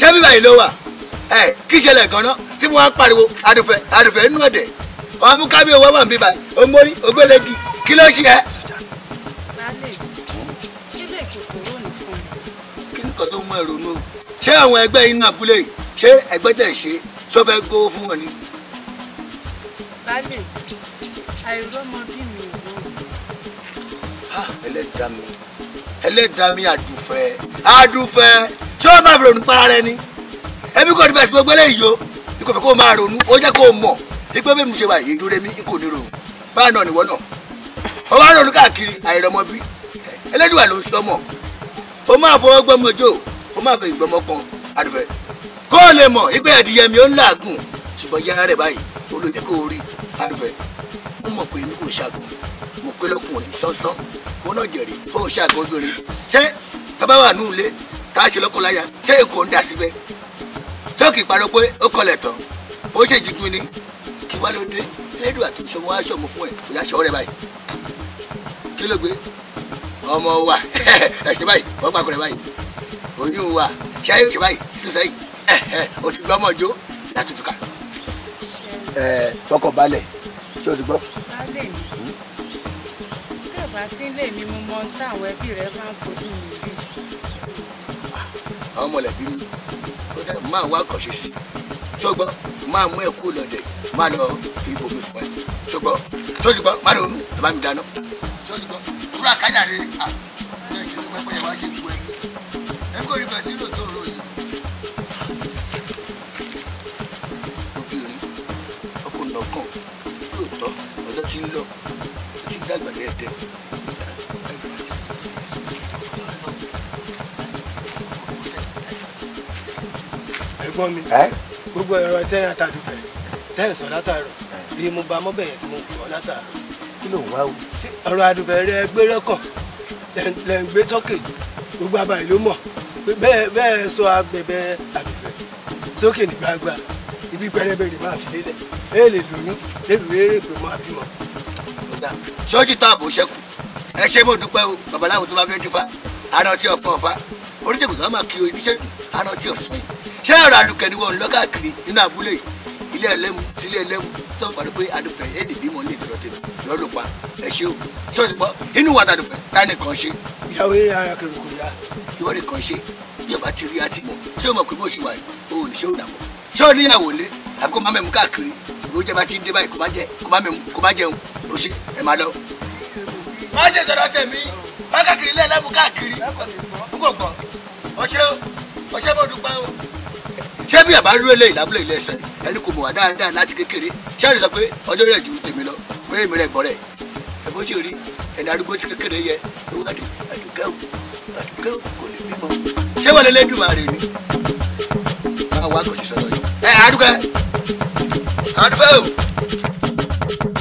ṣé bíbá yìí ló wà ẹ kí ṣẹlẹ̀ gan-an tí wọ́n á pariwo adùfẹ́ adùfẹ́ inú ọ̀dẹ̀ wọ́n mú kábíyè owó wà ń bíbá omori ogbélegi kí ló ṣe ẹ́. kí nǹkan tó mú ẹ̀rọ náà ṣé àwọn ẹgbẹ́ inú abúlé yìí ṣé ẹgbẹ́ tẹ̀ ṣe sọ fẹ́ gbowó fún wọn ni. baálé àìrọ́mọ bí mi ò wọ́n. ẹlẹ́dàá mi ẹlẹ́dàá mi àdùfẹ́ àdùfẹ́ ṣé wọ́n máa ronú para rẹ ni ẹbí kò ní bẹ́ẹ̀ sí gbogbo eléyìí o ikú fẹ́ kó máa ronú ó jẹ́ kó mọ̀ ipé bí mo ṣe wà yìí dúró mi n kò ní ronú báà náà nìwọ náà ó máa ronú káàkiri àìrọmọ bí ẹlẹ́dùwà ló ń sọmọ ó máa fọwọ́ gbọ́mọ jò ó máa fẹ́ ìgbọ́mọ pọn àdùfẹ́ kó o lè mọ̀ ipé ẹ̀dìyẹ mi ó ń làágùn ṣùgbọ́n yára rẹ̀ báyìí ó ló jẹ́ kó o rí àdùfẹ́ mo mọ̀ pé èmi kò ṣàgùn mo pé lọ́kùnrin sánsan wọn náà jèrè ó ṣàgbọ́gbìnrin ṣé bàbá wà nù ilé tá a ṣe lọ́kọ̀láyà ṣé èkó ń dà síbẹ̀ ṣé kì í parọ́ pé ó kọlẹ̀ tán ó ṣèjìgbìn ni kí wá ló dé ẹlẹ́dùn àti ìṣòwò aṣọ́mu fún ẹ̀ kò yá ṣọ́ rẹ̀ báyìí kí ló gbé ọmọ wa ẹ̀ṣẹ̀ báyìí wọ́n pàkó rẹ̀ báyìí oyún wa ṣáyé ṣe báyìí sísè yìí o ti gbọ́ ọmọjó látùtù ká. ẹ fọkàn balẹ̀ ṣé o ti gbọ́ bàbá sílé mi mo mọ táwọn ẹbí rẹ bá àwọn mọ̀lẹ́bí mi máa wá kọ̀ṣe sí ṣùgbọ́n máa mú ẹ̀kú lọ́dẹ̀ máa lọ fi bomi fún ẹ ṣùgbọ́n ṣùgbọ́n má ronú ẹ bá mi dáná ṣùgbọ́n túra kájà rẹ à ẹ ṣe fún ẹgbẹ́ wá ṣe gbogbo ẹ ẹ kò rí bẹ́ẹ̀ sí lòtó rò yìí. obìnrin ọkùnrin ọkàn yóò ọjọ́ tí ń lọ. Salvatore ẹ̀gbọ́n gbogbo ẹ̀rọ tẹ́ àtàdùfẹ́ tẹ́ sọ látàárọ̀ bí mo bá mọ́bẹ̀ yẹn tí mo kọ́ látàárọ̀. kí ló ń wá o. ọ̀rọ̀ àdùfẹ́ rẹ gbé rẹ́kọ̀ ń gbé gbogbo abayì ló mọ̀ bẹ́ẹ̀ sọ agbẹ̀bẹ̀ àdùfẹ́ sókè ní gbangba ibi dáadáa tó àbò ṣẹ́kù ẹ ṣe mo dúpẹ́ o babaláwo tó bá fẹ́ dífá àná tí ọ̀pọ̀ ọ̀fá oríṣègùn tó máa kí o iṣẹ́ àná tí ọ̀sùn yìí ṣé ọ̀rọ̀ àdùkẹ́ ni wọ́n ń lọ káàkiri nínú àbúlé ilé ẹlẹ́mu sílé ẹlẹ́mu tó ń parí pé àdùfẹ́ ẹ̀ẹ́dì bímọ ní ìtọ́jọ́ tèmi lọ́dún pa ẹ ṣe o ṣọ́ọ́jì gbọ́ inú wa tàdùfẹ́ ta nìkan ṣe. ìyàwó àbí kó má mẹ́mu káàkiri ìwé oúnjẹ bá ti ń dé báyìí kó má jẹ kó má mẹ́mu kó má jẹun ó sì ẹ̀ má lọ. má ṣe tọ̀dọ̀ tẹ̀mí má káàkiri ilé ẹlẹ́mu káàkiri n kò gbọ́ ọṣẹ́ ọṣẹ́ mo dúpẹ́ o. ṣé bí àbá rú eléyìí lábúlé ilé ẹsẹ̀ ẹni kò mọ̀ wá dáadáa láti kékeré ṣé àrùn sọ pé ọjọ́ rẹ̀ ju tèmi lọ pé èmi rẹ̀ gbọ́ rẹ̀ ẹ̀ bó ṣe rí ẹni arúgbó ti kékeré yẹ owó àdùkẹ́ àdùkẹ́ kò ní bímọ ṣé wọ́n lẹ́dùn máa ni àwọn àgbọ̀jì sọ̀rọ̀ yìí ẹ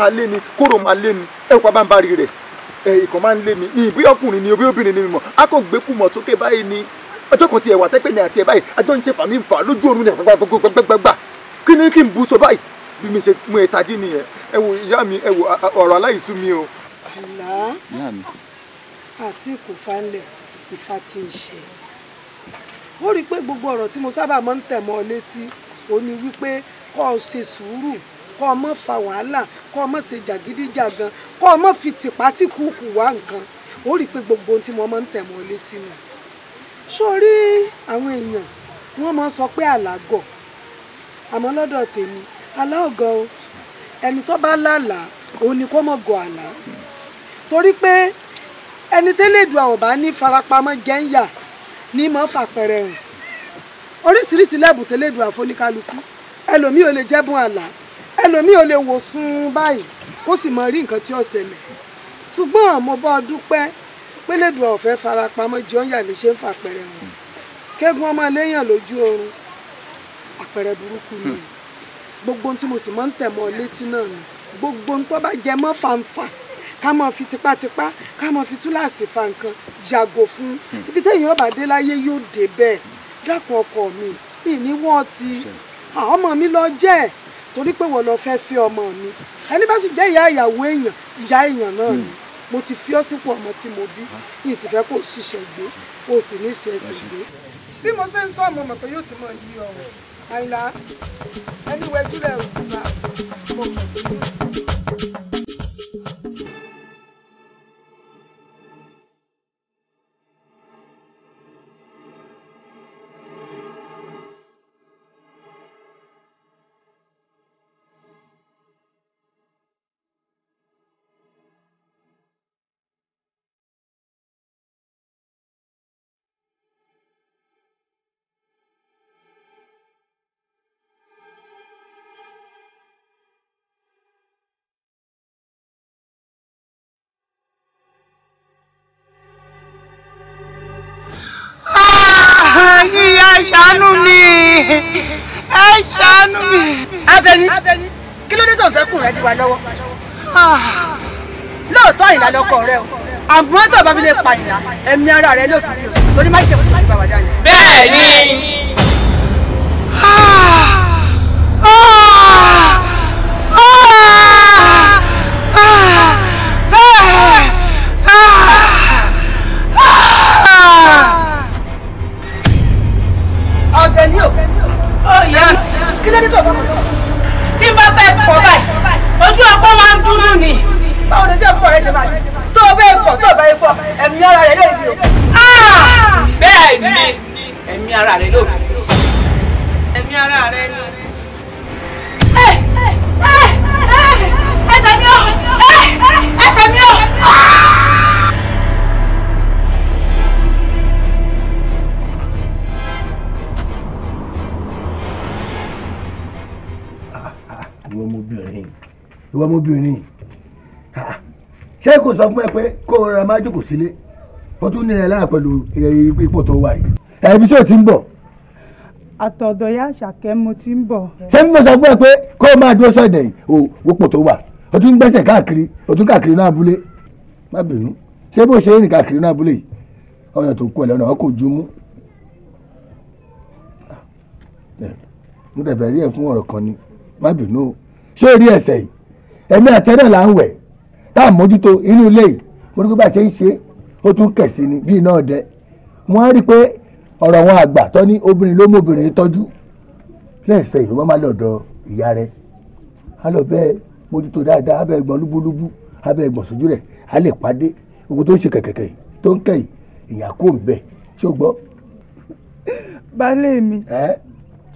máa lé ni kóró máa lé ni ẹ kó abáǹbarì rẹ̀ ẹ ìkàn máa ń lé ni ìbí ọkùnrin ni ìbí obìnrin ni mímọ́ a kò gbé kùmọ̀ sókè báyìí ni ọjọ́ kan ti ẹ̀wà tẹ́pẹ́ ni àti ẹ̀ báyìí ajọ́ ń ṣe fàmí ń fà lójú oorun ní gbàgbàgbàgbà kí ni kí n bu so báyìí bí mi ṣe mú ẹ tají nìyẹn ẹ wo ìyá mi ẹ wo ọ̀rọ̀ aláìsú mi o. àlá àti kò falẹ̀ ìfà ti ń ṣe ó rí i pé gbogbo ọ̀rọ̀ tí mo sábà máa ń tẹ̀ mọ́ ọ létí ó ní wípé kọ́ ọ ṣe sùúrù kọ́ ọ mọ́ fa wàhálà kọ́ ọ mọ̀ ṣe jàgídíjàgan kọ́ ọ mọ̀ fi tìpátìkùkù wá nǹkan ó rí i pé gbogbo ohun tí mo máa ń tẹ̀ mọ́ létí nù sórí àwọn èèyàn wọ́n máa ń sọ pé àlágọ̀ àmọ́ lọ́dọ̀ tèmi aláògọ́ o ẹni tó bá lálàá òun ni kó mọ̀ gọ̀ àlá torí pé ẹni tẹ́lẹ̀dùn àwọn bá ní farapamọ́ gẹ́ńyà ní mọ́ fàpẹrẹ hàn oríṣiríṣi lẹ́bùn tẹ́lẹ̀dùn àfoníkálukú ẹlòmíì ò lè jẹ́bùn àlá ẹlòmíì ò lè wò sùn báyìí kó sì mọ rí nǹkan tí ó ṣẹlẹ̀ ṣùgbọ́n mo bá dúpẹ́ pélédùn ọ̀fẹ́ farapamọ́ jọ yà lè ṣe ń fàpẹrẹ wọn kẹ́gun ọmọ léèyàn lójú oorun àpẹrẹ burúkú ni hmm. gbogbo ohun tí mo sì máa ń tẹ̀ mọ́ létí náà ni gbogbo ohun tó bá jẹ mọ́ fanfa ká mọ̀ fi tipátipá ká mọ̀ fi túláàsì fa nǹkan yàgò fún hmm. ibi téèyàn bá dé láyé yóò dé bẹ́ẹ̀ dákun ọkọ mi mi ní wọ́n ti ọmọ mi lọ jẹ́ ẹ̀ torí pé wọ́n lọ fẹ́ fi ọmọ mi ẹni bá sì jẹ́ ìyá ìyàwó èèyàn ìyá èèyàn náà ni mo ti fi ọ́ sípò ọmọ tí mo bí yìí sì fẹ́ kó o ṣiṣẹ́ gbé o sì ní ìṣe ẹsẹ̀ gbé. bí mo ṣe ń sọ ọmọ mọ̀ pé yóò ti mọ yí ọ̀rọ̀ àyìnlá ẹni wẹ́jú rẹ̀ òkú náà mo yóò ti ẹ ṣàánú mi. Abẹni kí ló dé tó ń fẹ́ kùn rẹ dí wa lọ́wọ́ ah. lóòótọ́ ìlà lọkọ rẹ o àmọ́ tó bá fi lè pa ìlà ẹ̀mí ara rẹ ló fi di o torí má jẹ́ kó ti bá wa dání. bẹ́ẹ̀ ni. Ah. Ah. sọ fún ẹ pé kó o ra máa jókòó sílé ó tún nílẹ̀ lára pẹ̀lú ipò tó wà yìí. ẹbí tí o ti ń bọ̀. àtọ̀dọ̀ ya àṣàkẹ́ mo ti ń bọ̀. ṣé mo sọ fún ẹ pé kó o máa dúró sọ̀dẹ̀ yìí o wọ́pọ̀ tó wà o tún gbẹ́sẹ̀ káàkiri o tún káàkiri náà abúlé má bínú ṣé bó ṣe é rìn káàkiri náà abúlé yìí ọyàn tó kú ẹ lọ́nà ọkọ̀ ojú mú. Ah, eh, mo dẹ̀ bẹ̀rẹ̀ rí ẹ fún ọ̀rọ̀ kan ni má bínú ṣé o rí ẹsẹ̀ yìí ẹ̀mí àtẹ́rẹ̀ là ń wẹ̀ tá a mójútó inú ilé yìí a ṣe ń ṣe ó tún kẹ̀sí ni bíi náà dẹ wọ́n rí i pé ọ̀rọ̀ wọn àgbà tó ní obìnrin ló mú obìnrin tọ́jú lẹ́ẹ̀fẹ́ yìí wọ́n máa lọ́dọ̀ ìyá rẹ̀ á lọ bẹ́ẹ̀ mójútó dáadáa abẹ́ ẹ̀gbọ́n lúbúlúbú abẹ́ ẹ̀gbọ́n sójú rẹ̀ á lè pàdé ogun tó ń ṣe kẹ̀kẹ̀kẹ̀ tó ń kẹ̀ yìí ìyá kò ń bẹ̀ ṣó gbọ́. baálé mi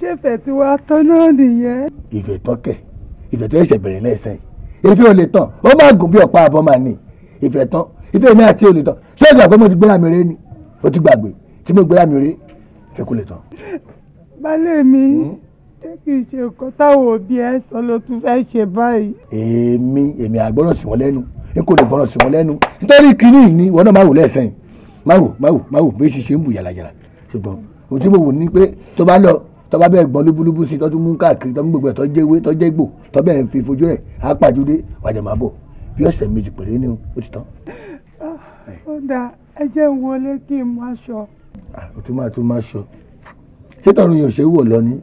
ṣé ìfẹ́ tí wàá tọ́ náà nìyẹn. ìfẹ́ tọ́kẹ̀ ìfẹ́ tó ẹ̀ṣẹ̀ ìfẹ́ ò lè tán ó má gùn bí ọ̀pá àbọ̀ máa ní ìfẹ́ tán ìfẹ́ mi àti olè tán ṣé ìgbà pé mo ti gbéra mi ré ni o ti gbàgbé tí mo gbéra mi ré ìfẹ́ kò lè tán. baálé mi jẹ́ kí n ṣe nǹkan táwọn òbí ẹ sọ ló tún fẹ́ ṣe báyìí. èmi èmi àgbọ́rọ̀ sí wọn lẹ́nu n kò lè gbọ́rọ̀ sí wọn lẹ́nu nítorí kinní ni wọn náà máa wò lẹ́sẹ̀ máa wò máa wò máa wò bí ó ṣe ṣe ń bù yàlàyàlà ṣùgbọ́n òtí mo wò ní pé tó bá lọ tó bá bẹ́ẹ̀ gbọ́n lúbúlúbú sí tó tún mú káàkiri tó ń gbogbo ẹ̀ tó jẹ́ ewé tó jẹ́ gbò tó bẹ́ẹ̀ fi fojú ẹ̀ á pàjùdé wàjà máa bọ̀ bí ọ̀sẹ̀ méjì péré ni ó ti tán. Ah, ó dà ẹ jẹ́ ń wọlé kí n máa ṣọ. Ah, ó tún máa tún máa ṣọ ṣé tọrùn yóò ṣe é wò lọ ni.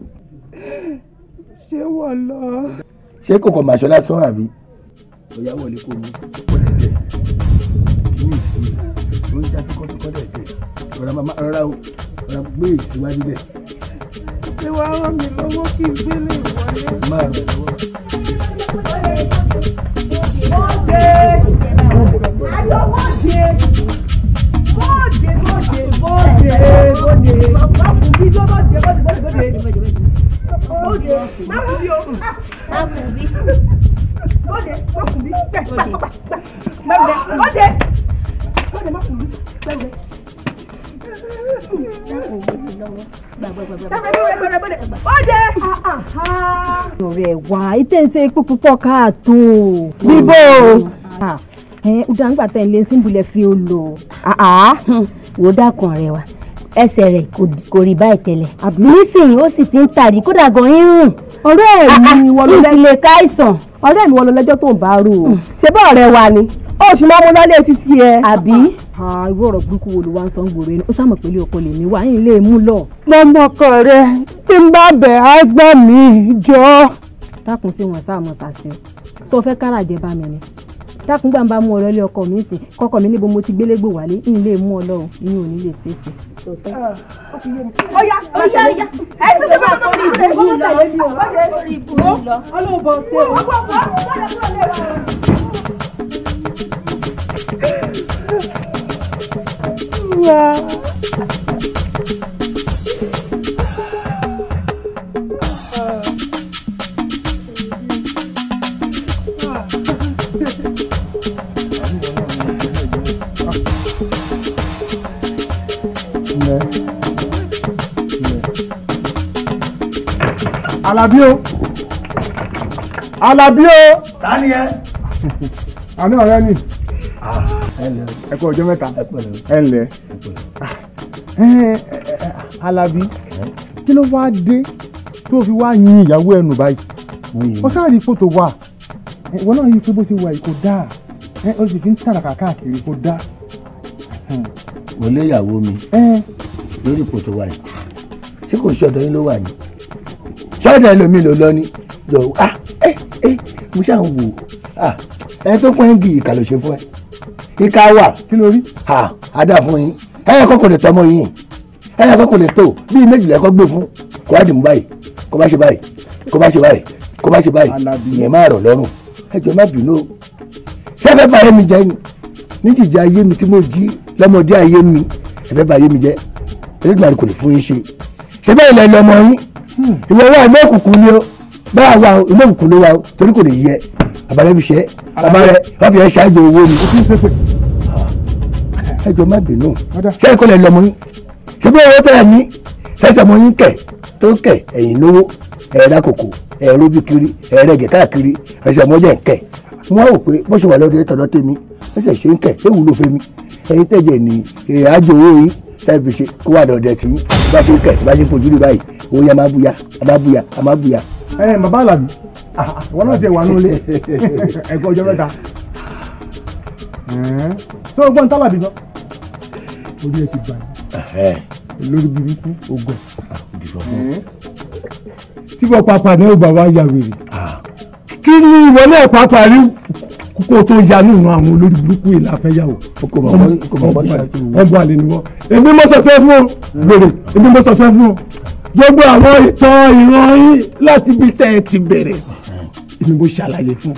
ṣé wò lọ. ṣé kòkò màṣọ lásán àbí. ọ̀yá wọlé kò mú kó lè tẹ̀ kí ní ìsinmi ló ń já tó kọ́ tó kọ́ dẹ̀ tẹ̀ rọra gbé ìsíwájú bẹ́ẹ̀ ṣé wàá rán mi lọ́wọ́ kí n gbélé ìwọlé. máa bẹ̀ lọ́wọ́. wọ́n dé àjọwọ́dé bọ́ọ̀dé bọ́ọ̀dé bọ́ọ̀dé bọ́ọ̀dé bàbá kù bí tó bọ́ọ̀dé bọ́ọ̀dé bọ́ọ̀dé bọ́ọ̀dé má kù bí o má kù bí bọ́ọ̀dé má kù bí bẹ́ẹ̀ bọ́ọ̀dé bọ́ọ̀dé má kù bí bẹ́ẹ̀ bọ́ọ̀dé ọ̀rẹ́ wa ìtẹ̀ ń ṣe ikú púpọ̀ káàtó. bíbó ó dáńgbà tẹ̀ lé síbùlẹ̀ fi ó lò. wò ó dákun ọ̀rẹ́ wa ẹsẹ̀ rẹ̀ kò rí báyìí tẹ́lẹ̀ nísìnyí ó sì ti ń tàrí kódà gan irun. ọ̀rẹ́ mi wọ́n lọ lẹ́jọ́ tó ń bá rò ó ṣe bá ọ̀rẹ́ wa ni ó sì máa mú lálẹ́ títí ẹ. àbí. Ah, ah, irú ọ̀rọ̀ burúkú wo ló wá ń san gbòòrò ẹni ó sàmọ̀ pẹ̀lú ọkọ lè mí wá yín lè mú lọ. lọmọkọ rẹ tí n bá bẹ̀ á gbọ́ mi jọ. dákun sí wọn sáàmù tàṣẹ tó fẹ́ kára jẹ bá mi ni dákun gbà ń bá mú ọ̀rọ̀ ilé ọkọ mi sí kọkọ mi níbo mo ti gbélé wálé ń lè mú ọ lọ́rùn ní lè ṣe é ṣe é. Alabio. Alabio. Daniel. o. Tani ni ẹ kú ọjọ́ mẹ́ta ẹ ǹlẹ́ ah, Alábí kí ló wá dé tó fi wá yin ìyàwó ẹnu báyìí wọ́n sáà rí fótó wa wọ́n náà yí pé bó ṣe wà yìí kò dáa ó sì fi ń tàràkà káàkiri kò dáa. Hmm. mo lé ìyàwó mi lórí fótó wa yìí tí kò sí ọ̀dọ̀ yín ló wà ní sọ́dọ̀ ẹlòmíì ló lọ ní jọ̀wọ́ ah ẹ ẹ mo ṣáà ń wò ó ah ẹ tó pọ́n ń gi ìkà ló ṣe fún ẹ kíká wà kí ló rí à àdá fún yín ẹyẹ kọ́kọ́ lè tọmọ yín ẹyẹ kọ́kọ́ lè tó bíi méjìlá ẹ̀kọ́ gbé fún kó bá dì mú báyìí kó bá ṣe báyìí kó bá ṣe báyìí kó bá ṣe báyìí ìyẹn máa rọ̀ lọ́rùn ẹjọ́ má bínú o ṣẹ́fẹ́ bá yé mi jẹ́ ni ní jìjà ayé mi tí mo jí lọ́mọdé ayé mi ẹ̀fẹ́ bá yé mi jẹ́ ẹlẹ́gbẹ̀rún kò lè fún yín ṣe ṣé bẹ́ẹ̀ lẹ́ lọ́mọ yín hmm. ìwọ wà ilé òkùnkùn ni ó báwa wà ilé òkùnkùn ló wà torí kò lè yẹ abalẹ bi sẹ abalẹ wọn fi ẹ ṣe àjọ owó ni. ẹjọ má bínú ṣé kò lè lọmọ yín ṣùgbọ́n owó tẹ̀ ní ṣẹ̀ṣẹ̀ mọ yín kẹ̀ tó kẹ̀ ẹ̀yìn lówó ẹ̀ẹ́dá kòkó ẹ̀ẹ́dójú kiri ẹ̀ẹ́dẹ̀gẹ̀ káàkiri ẹ̀ṣẹ̀ mọ́jẹ̀ kẹ̀ wọ́n rò pé bó ṣe wà lọ́dọ̀ ẹ̀tọ́dọ́ tèmi ẹ̀ṣẹ̀ ṣe ń kẹ̀ ṣé wúlò fẹ́mi ẹ̀yin tẹ̀jẹ̀ ní àjọ owó yín tẹ́ẹ̀fì ṣe kó wà lọ́dọ̀ ẹ̀tì yín bá ṣe kẹ̀ bá ṣe fojú rí báyìí owó yẹn má bùyà má bùyà má bùyà. ẹ bàbá Àlàbí wọn náà ti wà nílé ẹ̀kọ́ ọjọ́ mẹ́ta tó gbọ́n tábàbí gan orí ẹ ti gbà ní lórí burúkú ogun tí wọ́n pàápàá ní ọgbà wa ya wèrè kí ni ìwọ náà pàápàá rí kókó tó ya nínú àwọn olórí burúkú yìí la fẹ́ yà wò ọgbà àlè ni wọ́n èmi mo sọ fẹ́ fún ọ wèrè èmi mo sọ fẹ́ fún ọ gbogbo àwọn ìtàn ìran yín láti bí sẹ́ẹ̀ ti bẹ̀rẹ̀ èmi mo ṣàlàyé fún un.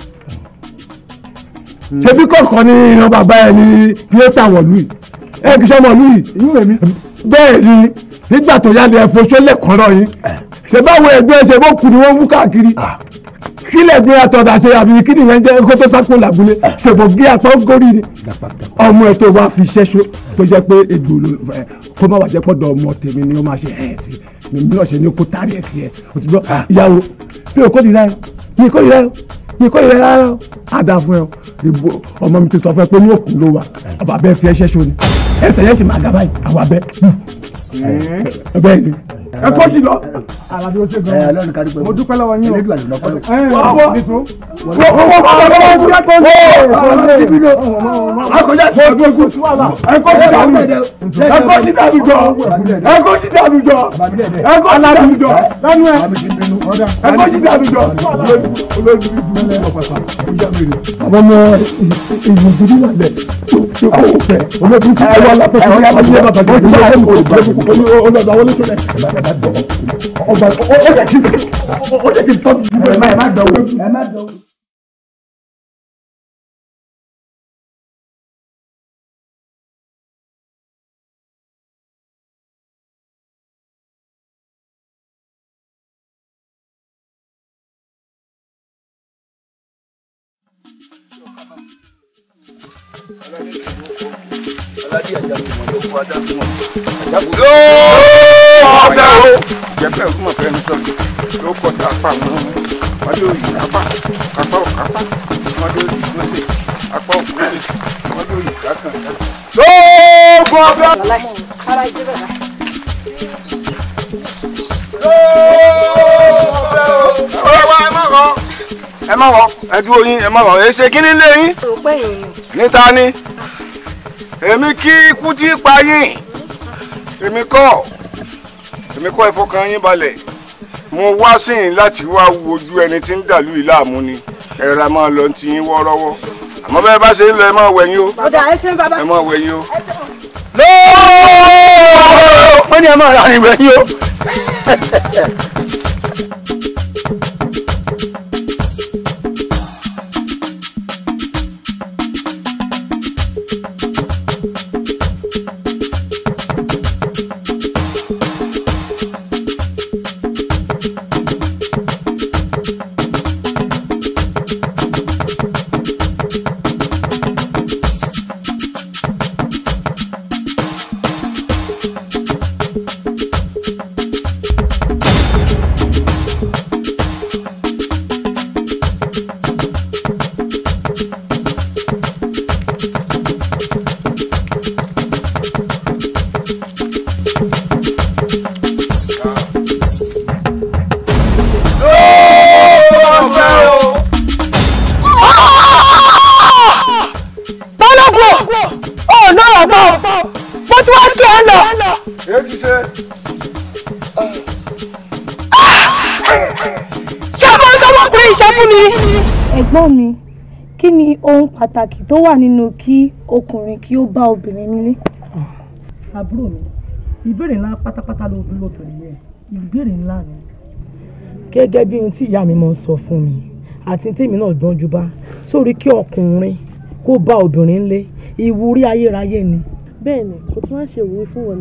Hmm. ṣebí kọ̀ọ̀kan ni ìran bàbá ẹ ní tíyẹ́tà wọ̀lú yìí ẹ kì í ṣọmọ ìlú yìí bẹ́ẹ̀ ni nígbà tó yálẹ̀ ẹ foṣó lẹ́kọ̀ọ́rọ̀ yín ṣe báwo ẹgbẹ́ ṣe bó kù ni wọ́n mú káàkiri ah. kí lẹ́gbẹ́ àtọ̀dà ṣe àbí kí nìyẹn jẹ́ kó tó sápò làbúlé ah. ṣèbò gé àtọ́ górí ni ọmọ ẹ tó wá fi ṣẹ́ṣó tó jẹ́ pé èdè olóòfẹ́ kó má wàá jẹ́ pọ́dọ̀ ọmọ tèmi ni ó máa ṣe ẹ̀ sí i bílọ̀ṣẹ̀ ni kò tàbí ẹ̀sìn ẹ̀ kò ti gbọ́ ìyàwó mi ò kórìíra ẹ̀ mi ò kórìíra ẹ̀ mi ò kórìíra ẹ̀ rárá á dáa fún ẹ o ọmọ mi ti sọ fún ẹ pé ní òkú ló wà àbàbẹ́ fi ẹṣẹ́ ṣo ni ẹsẹ̀ yẹn sì máa dá báyìí àwọn abẹ́ bẹ́ẹ̀ ni ẹ kọ́ sí lọ. aládùúgbò ṣe gan-an mo dúpẹ́ lọ́wọ́ yín o. ẹlẹ́dùn àdùnnà kọ́ ló. wọ́n wọ́n wọ́n wọ́n wọ́n wọ́n wọ́n ọmọ ọmọ ìgbìmọ̀ ìgbìmọ̀ wà lẹ̀ ọba ọjà kí ẹ má dọwọ ẹ má dọwọ. wo ajagun mọ. yóò ọ̀sẹ̀ o. jẹ́pẹ̀ fún ọ̀fẹ́ mi sọ̀rọ̀ ló kọ́ ta apá mọ́ wọ́n ló yí apá apá ò kápá wọ́n ló yí lọ́sẹ̀ apá ò kúrẹ́ wọ́n ló yí kákan. lóògùn ọ̀fẹ́. ara ìdí bẹ̀rẹ̀ báyìí. ẹ má wọ ẹ dúró yín ẹ má wọ ẹ ṣe kí ní lé yín. níta ni èmi kí ikú tí ń pa yín èmi kọ́ èmi kọ́ ẹ yín balẹ̀ mo wá sí yín láti wá wojú ẹni tí ń dàlú yìí láàmú ni ẹ̀rọ a máa lọ ti yín wọ́ọ́rọ́wọ́ àmọ́ bẹ́ẹ̀ bá ṣe ń lọ ẹ máa wẹ̀yìn o ẹ máa wẹ̀yìn o. lóòó wọ́n ní ẹ máa rà ìwẹ̀yìn o. ẹ̀gbọ́n mi kí ni ohun pàtàkì tó wà nínú kí ọkùnrin kí ó bá obìnrin nílé. Ah, àbúrò mi ìbéèrè ńlá pátápátá ló bí lóbìnrin e. ìbéèrè ńlá gẹ́gẹ́ bí ohun tí ìyá mi máa ń sọ fún mi àti tèmi sórí kí ọkùnrin kó bá obìnrin ìwúrí ayérayé ni. bẹ́ẹ̀ ni kò tún fún wọn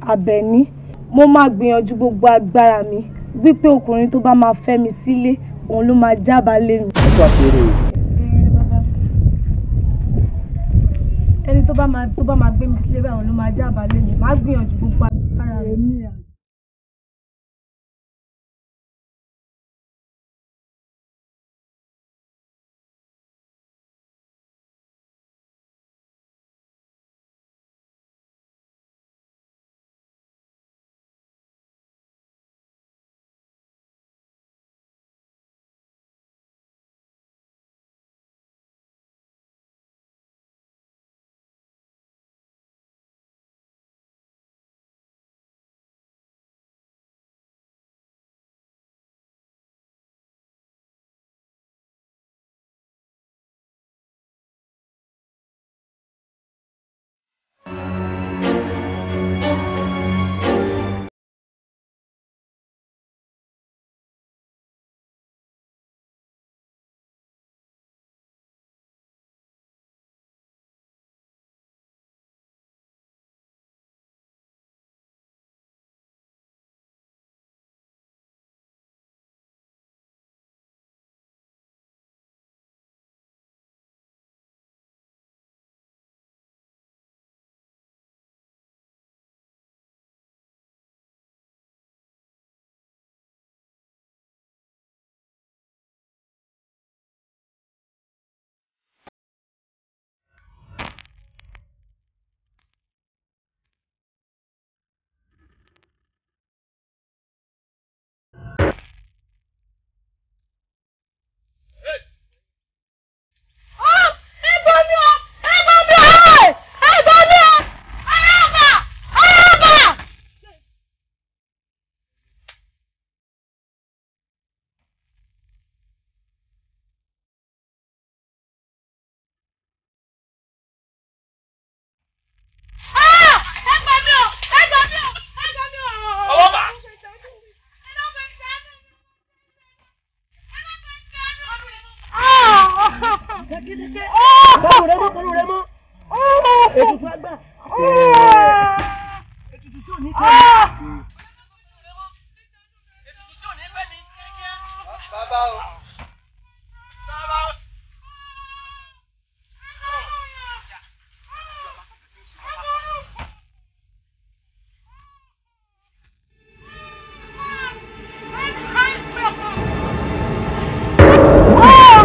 àti mo máa gbìyànjú gbogbo agbára mi wípé ọkùnrin tó bá máa fẹ́ mi sílé òun ló máa jábàálẹ̀ mi. ẹni tó bá máa gbé mi sílé báyìí òun ló máa jábàálẹ̀ mi máa gbìyànjú gbogbo agbára mi.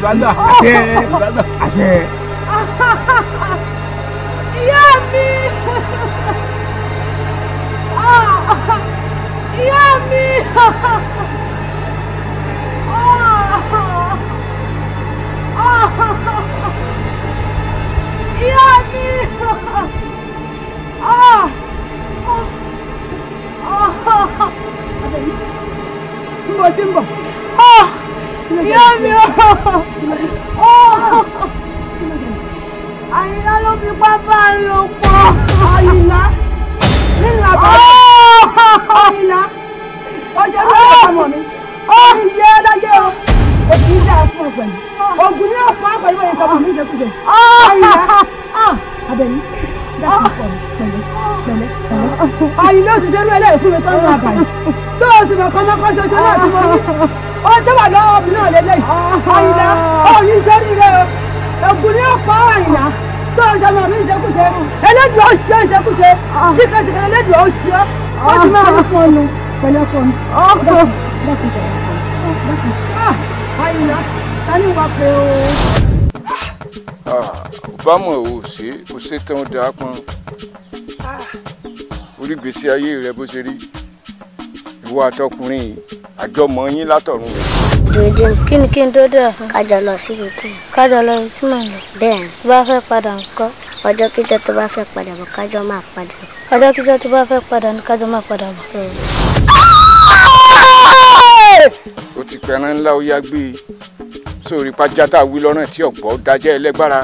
란다 아쉐 란다 아쉐 야미 아 야미 멋진 거. ìyá oh, ó àyìnlá ló fi pápá lò pọ̀. àyìnlá nílà bá àyìnlá ọjọ́ tó ń bọ̀ mọ̀ mi ó ń yé dájé o òkú ń dà fún ọ̀gbẹ̀ni ògùn ní ọ̀pọ̀ àpẹẹrẹ ìwé ìkọ̀mọ̀ mi jẹkulẹ̀ àyìnlá abẹ́ni dákun pẹ̀lẹ́ pẹ̀lẹ́ pẹ̀lẹ́ àyìnlá ó ti dẹ́nu ẹlẹ́yìn fún mi tó ń lọ àbàyè tó o sì mọ̀ kọ́mọ́kọ́ ṣoṣo náà tí mo ní ó tó wà lọ́wọ́ mi náà lélẹ̀ yìí àyìnlá òyìn sẹ́ni rẹ̀ ẹ̀kú ní ọ̀pọ̀ àyìnlá tó ọjọ́ mọ̀ mí ìṣekúṣe ẹlẹ́dùn ọ̀ṣẹ́ ìṣekúṣe síkẹ́síkẹ́ ẹlẹ́dùn ọ̀ṣẹ́ ó ti máa ń fọ́n mi pẹ̀lẹ́ fọ́n mi. ọkọ ah, àyìnlá tani wà pé o. Ah, bámu ò sí o ṣe tán dáa kan ah. orí gbèsè ayé rẹ bó ṣe rí ìwọ àtọkùnrin yìí àjọmọ yín látọ̀run rẹ̀. dèdè kí ni kí n tó dẹ̀ kájọ lọ sí ìlú kájọ lọ sí mọ̀ ní. bẹ́ẹ̀ ni bá fẹ́ padà ńkọ́ ọjọ́ kíjọ́ tó bá fẹ́ padà bọ̀ kájọ máa padà ọjọ́ kíjọ́ tó bá fẹ́ padà ní kájọ máa padà bọ̀. o ti pẹran ńlá ó yá gbé e sórí pàjá tá a wí lọ́rùn tí ọ̀gbọ́ dájẹ́ ẹlẹ́gbára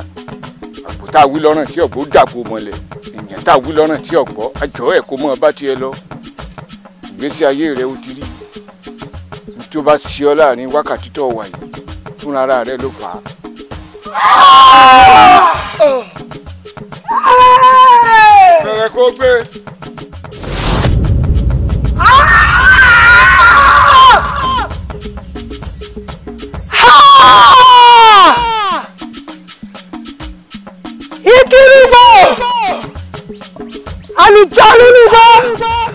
àpò tá a wí lọ́rùn tí ọ̀gbọ́ dàpọ̀ mọ́lẹ̀ èèyàn tá a wí lọ́rùn tí ọ̀gbọ́ àjọ ẹ̀ kó mọ́ ọ bá tiẹ̀ lọ ìgbésí ayé rẹ ó ti tí ó bá ṣe ọ láàrin wákàtí tó wà yìí fúnra ara rẹ ló fà á. bẹ̀rẹ̀ kó gbé. ìkiri bọ̀ àlùjọ́ ló ní bọ́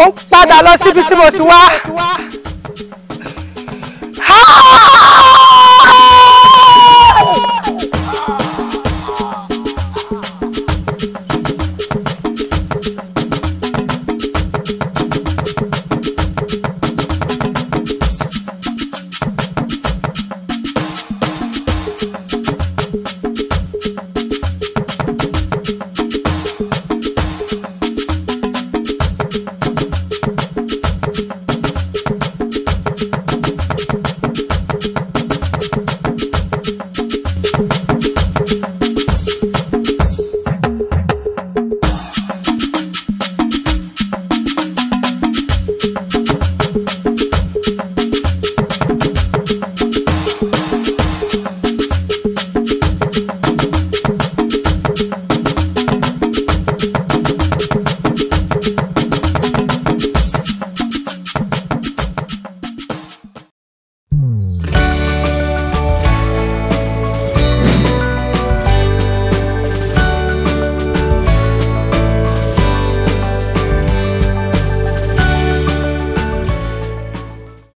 ó padà lọ síbi tí mo ti wá.